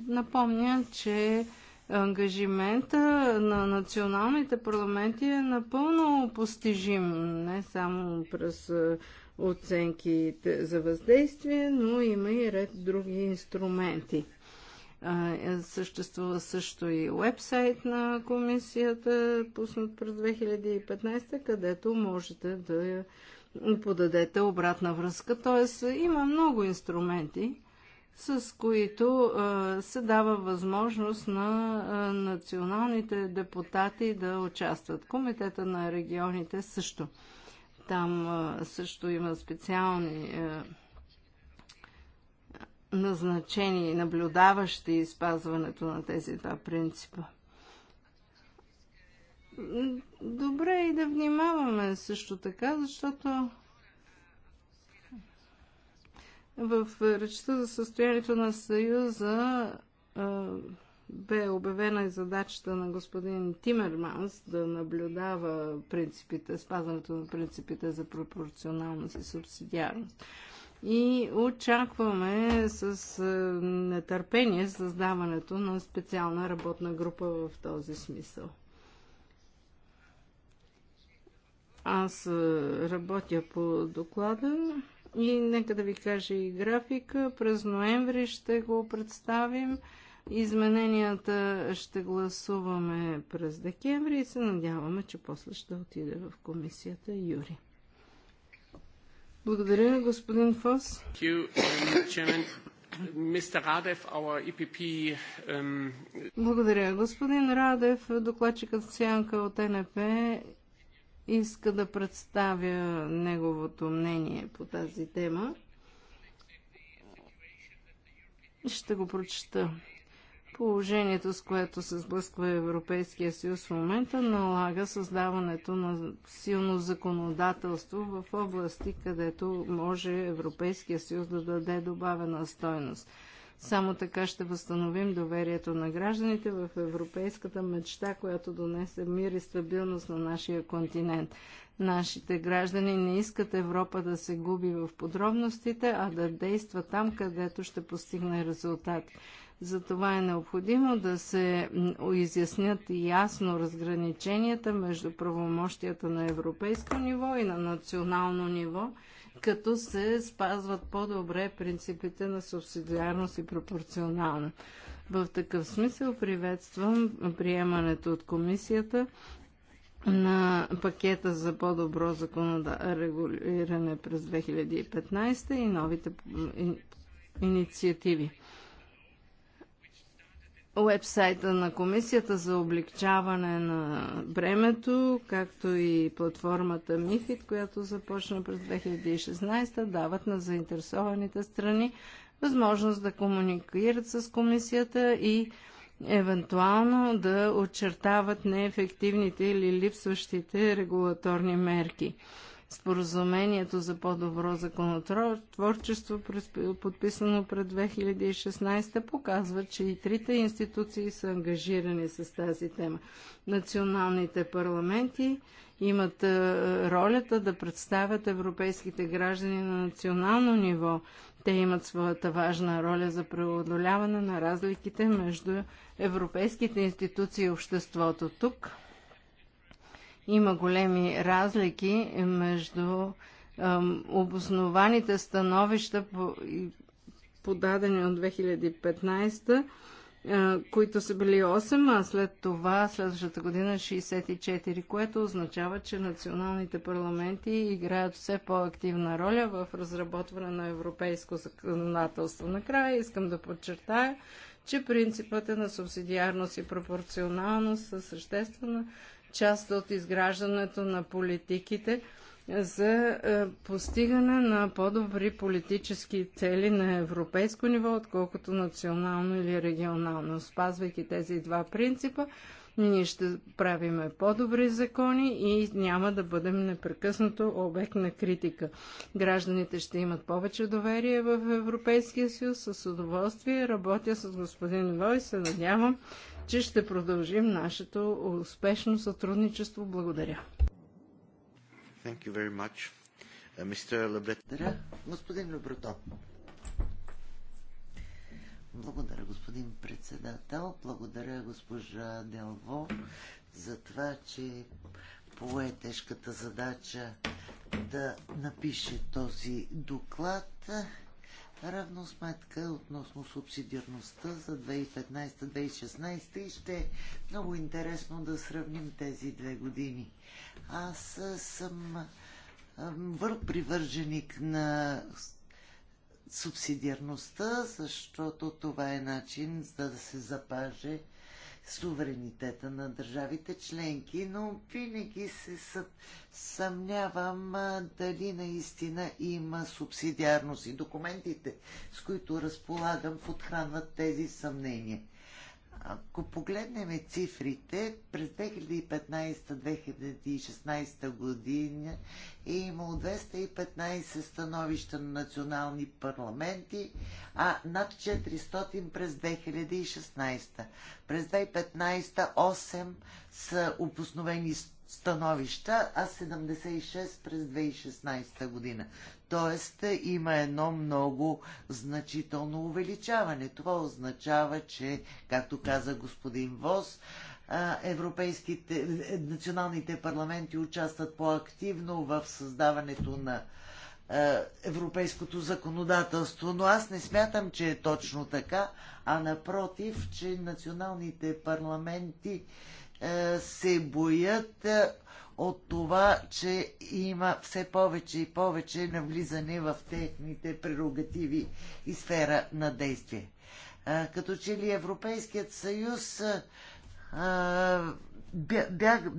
напомня, че ангажимента на националните парламенти е напълно постижим, не само през оценките за въздействие, но има и ред други инструменти. Съществува също и уебсайт на комисията, пуснат през 2015, където можете да подадете обратна връзка. Т.е. има много инструменти, с които се дава възможност на националните депутати да участват. Комитета на регионите също там също има специални назначени, наблюдаващи изпазването на тези два принципа. Добре е и да внимаваме също така, защото в речта за състоянието на Съюза бе обявена и задачата на господин Тимерманс да наблюдава принципите, спазването на принципите за пропорционалност и субсидиарност. И очакваме с е, нетърпение създаването на специална работна група в този смисъл. Аз е, работя по доклада и нека да ви кажа и графика. През ноември ще го представим. Измененията ще гласуваме през декември и се надяваме, че после ще отиде в комисията Юри. Благодаря, господин Фос. Um, e um, Благодаря. Господин Радев, докладчикът Сянка от НП, иска да представя неговото мнение по тази тема. Ще го прочета. Положението, с което се сблъсква Европейския съюз в момента, налага създаването на силно законодателство в области, където може Европейския съюз да даде добавена стойност. Само така ще възстановим доверието на гражданите в европейската мечта, която донесе мир и стабилност на нашия континент. Нашите граждани не искат Европа да се губи в подробностите, а да действа там, където ще постигне резултати. Затова е необходимо да се изяснят ясно разграниченията между правомощията на европейско ниво и на национално ниво, като се спазват по-добре принципите на субсидиарност и пропорционалност. В такъв смисъл приветствам приемането от комисията на пакета за по-добро регулиране през 2015 и новите инициативи уебсайта на Комисията за облегчаване на бремето, както и платформата MIFID, която започна през 2016, дават на заинтересованите страни възможност да комуникират с Комисията и евентуално да очертават неефективните или липсващите регулаторни мерки. Споразумението за по-добро законотворчество, подписано през 2016, показва, че и трите институции са ангажирани с тази тема. Националните парламенти имат ролята да представят европейските граждани на национално ниво. Те имат своята важна роля за преодоляване на разликите между европейските институции и обществото. Тук има големи разлики между обоснованите становища подадени от 2015 които са били 8, а след това следващата година 64, което означава, че националните парламенти играят все по-активна роля в разработване на европейско законодателство. Накрая искам да подчертая, че принципът е на субсидиарност и пропорционалност са съществена част от изграждането на политиките за е, постигане на по-добри политически цели на европейско ниво, отколкото национално или регионално. Спазвайки тези два принципа, ние ще правиме по-добри закони и няма да бъдем непрекъснато обект на критика. Гражданите ще имат повече доверие в Европейския съюз. С удоволствие работя с господин Вой се надявам че ще продължим нашето успешно сътрудничество. Благодаря. Thank you very much. Uh, Благодаря, господин Люброто. Благодаря, господин председател. Благодаря, госпожа Делво, за това, че пое тежката задача да напише този доклад равносметка относно субсидиарността за 2015-2016 и ще е много интересно да сравним тези две години. Аз съм върх привърженик на субсидиарността, защото това е начин за да се запаже суверенитета на държавите членки, но винаги се съмнявам дали наистина има субсидиарност и документите, с които разполагам, подхранват тези съмнения ако погледнем цифрите, през 2015-2016 година е имало 215 становища на национални парламенти, а над 400 през 2016. През 2015 8 са обосновени становища, а 76 през 2016 година. Тоест има едно много значително увеличаване. Това означава, че, както каза господин Вос, европейските, националните парламенти участват по-активно в създаването на европейското законодателство, но аз не смятам, че е точно така, а напротив, че националните парламенти е, се боят е, от това, че има все повече и повече навлизане в техните прерогативи и сфера на действие. Е, като че ли Европейският съюз бяга,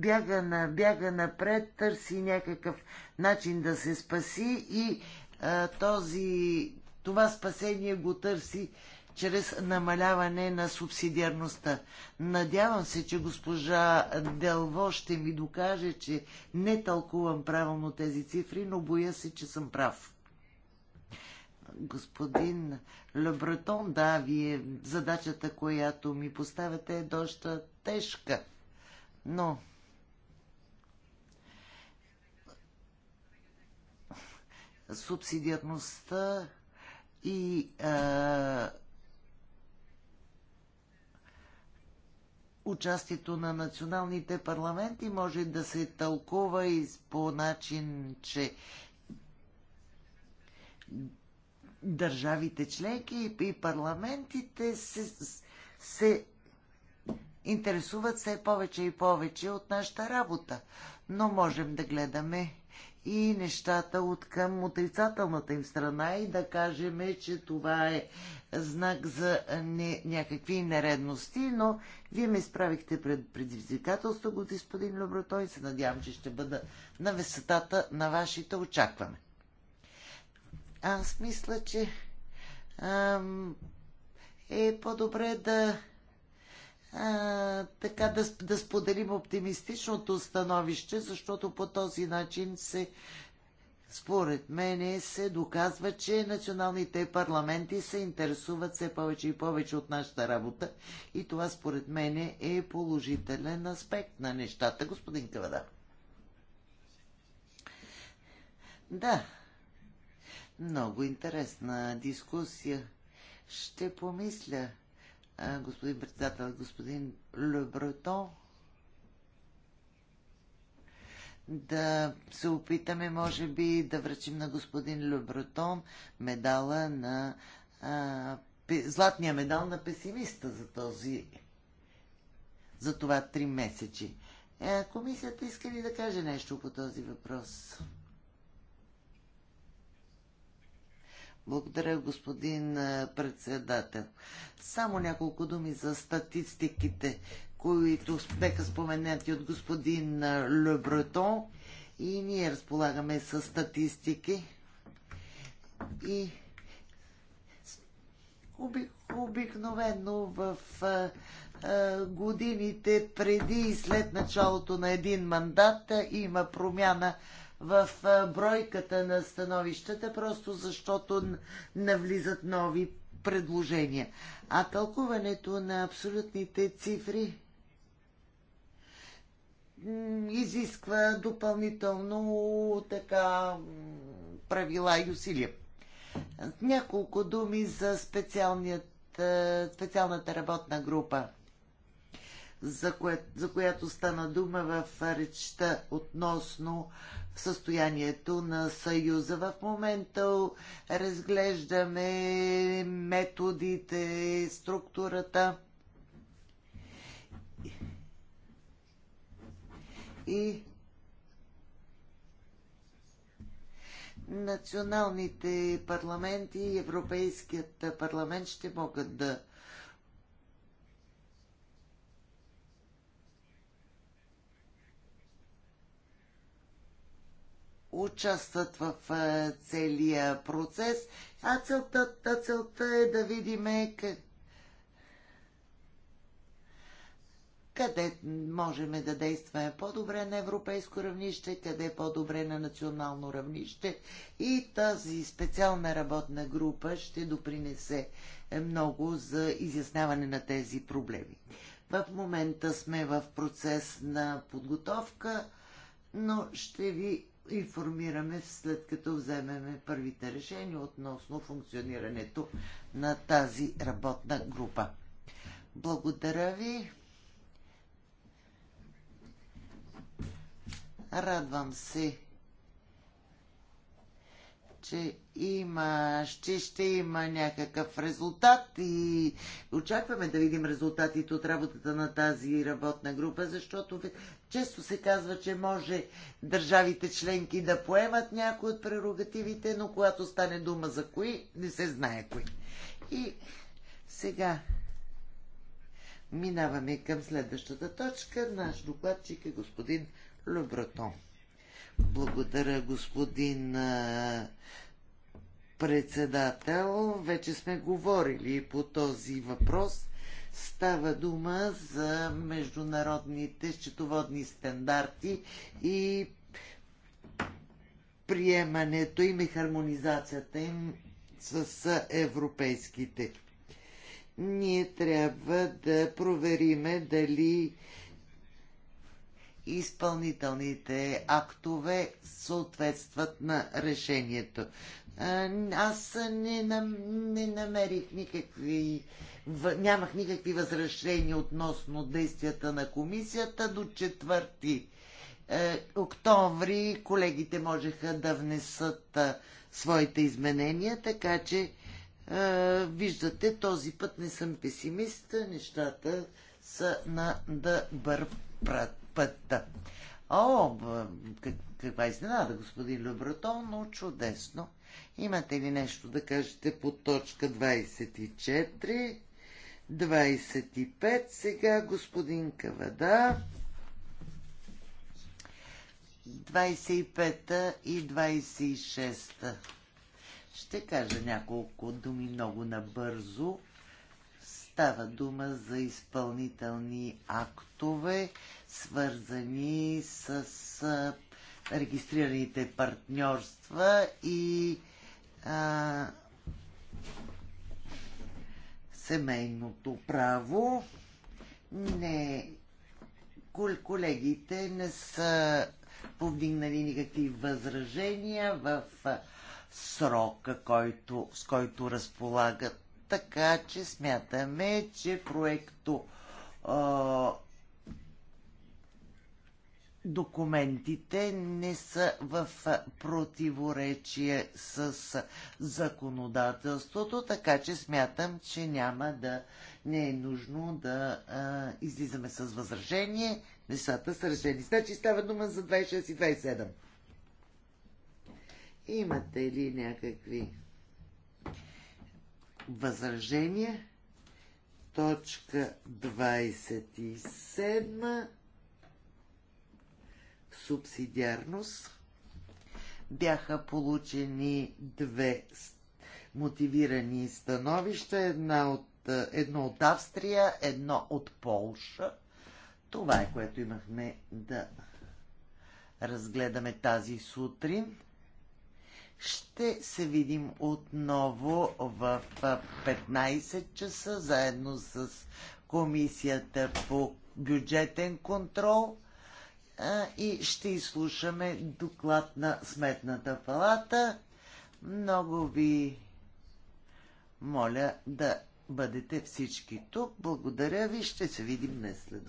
бяга, напред, търси някакъв начин да се спаси и този, това спасение го търси чрез намаляване на субсидиарността. Надявам се, че госпожа Делво ще ми докаже, че не тълкувам правилно тези цифри, но боя се, че съм прав. Господин Лебретон, да, вие задачата, която ми поставяте е доста тежка, но... Субсидиарността и а, участието на националните парламенти може да се тълкува и по начин, че държавите членки и парламентите се, се интересуват все повече и повече от нашата работа. Но можем да гледаме и нещата от към отрицателната им страна и да кажем, че това е знак за не, някакви нередности, но вие ме изправихте пред предизвикателство, господин Любротой. и се надявам, че ще бъда на висотата на вашите очакване. Аз мисля, че ам, е по-добре да а, така да, да споделим оптимистичното становище, защото по този начин се според мене се доказва, че националните парламенти се интересуват все повече и повече от нашата работа и това според мене е положителен аспект на нещата, господин Кавада. Да, много интересна дискусия. Ще помисля господин председател, господин Лебрето, да се опитаме, може би, да връчим на господин Лебретон медала на а, златния медал на песимиста за този за това три месечи. Е, комисията иска ли да каже нещо по този въпрос? Благодаря, господин председател. Само няколко думи за статистиките, които бяха споменати от господин Лебретон. И ние разполагаме с статистики. И обикновено в годините преди и след началото на един мандат има промяна в бройката на становищата, просто защото навлизат нови предложения. А тълкуването на абсолютните цифри изисква допълнително така правила и усилия. Няколко думи за специалната работна група, за, кое, за която стана дума в речта относно състоянието на Съюза. В момента разглеждаме методите, структурата и националните парламенти и Европейският парламент ще могат да участват в е, целия процес, а целта, а целта е да видим къде можем да действаме по-добре на европейско равнище, къде по-добре на национално равнище и тази специална работна група ще допринесе е, много за изясняване на тези проблеми. В момента сме в процес на подготовка, но ще ви информираме след като вземеме първите решения относно функционирането на тази работна група. Благодаря ви. Радвам се, че има, ще, ще има някакъв резултат и очакваме да видим резултатите от работата на тази работна група, защото често се казва, че може държавите членки да поемат някои от прерогативите, но когато стане дума за кои, не се знае кои. И сега минаваме към следващата точка. Наш докладчик е господин Лебретон. Благодаря, господин председател. Вече сме говорили по този въпрос. Става дума за международните счетоводни стандарти и приемането им и хармонизацията им с европейските. Ние трябва да провериме дали изпълнителните актове съответстват на решението. Аз не, нам, не намерих никакви. Нямах никакви възражения относно действията на комисията до 4 е, октомври. Колегите можеха да внесат своите изменения, така че е, виждате, този път не съм песимист. Нещата са на добър прат пътта. О, каква изненада, господин Любратон, но чудесно. Имате ли нещо да кажете по точка 24? 25 сега, господин Кавада. 25-та и 26-та. Ще кажа няколко думи много набързо. Става дума за изпълнителни актове свързани с регистрираните партньорства и а, семейното право. Не, колегите не са повдигнали никакви възражения в срока, който, с който разполагат. Така че смятаме, че проекто а, документите не са в противоречие с законодателството, така че смятам, че няма да не е нужно да а, излизаме с възражение. Нещата са решени. Значи става дума за 26 и 27. Имате ли някакви възражения? Точка 27 субсидиарност. Бяха получени две мотивирани становища, една от, е, едно от Австрия, едно от Полша. Това е което имахме да разгледаме тази сутрин. Ще се видим отново в 15 часа, заедно с Комисията по бюджетен контрол и ще изслушаме доклад на Сметната палата. Много ви моля да бъдете всички тук. Благодаря ви. Ще се видим днес след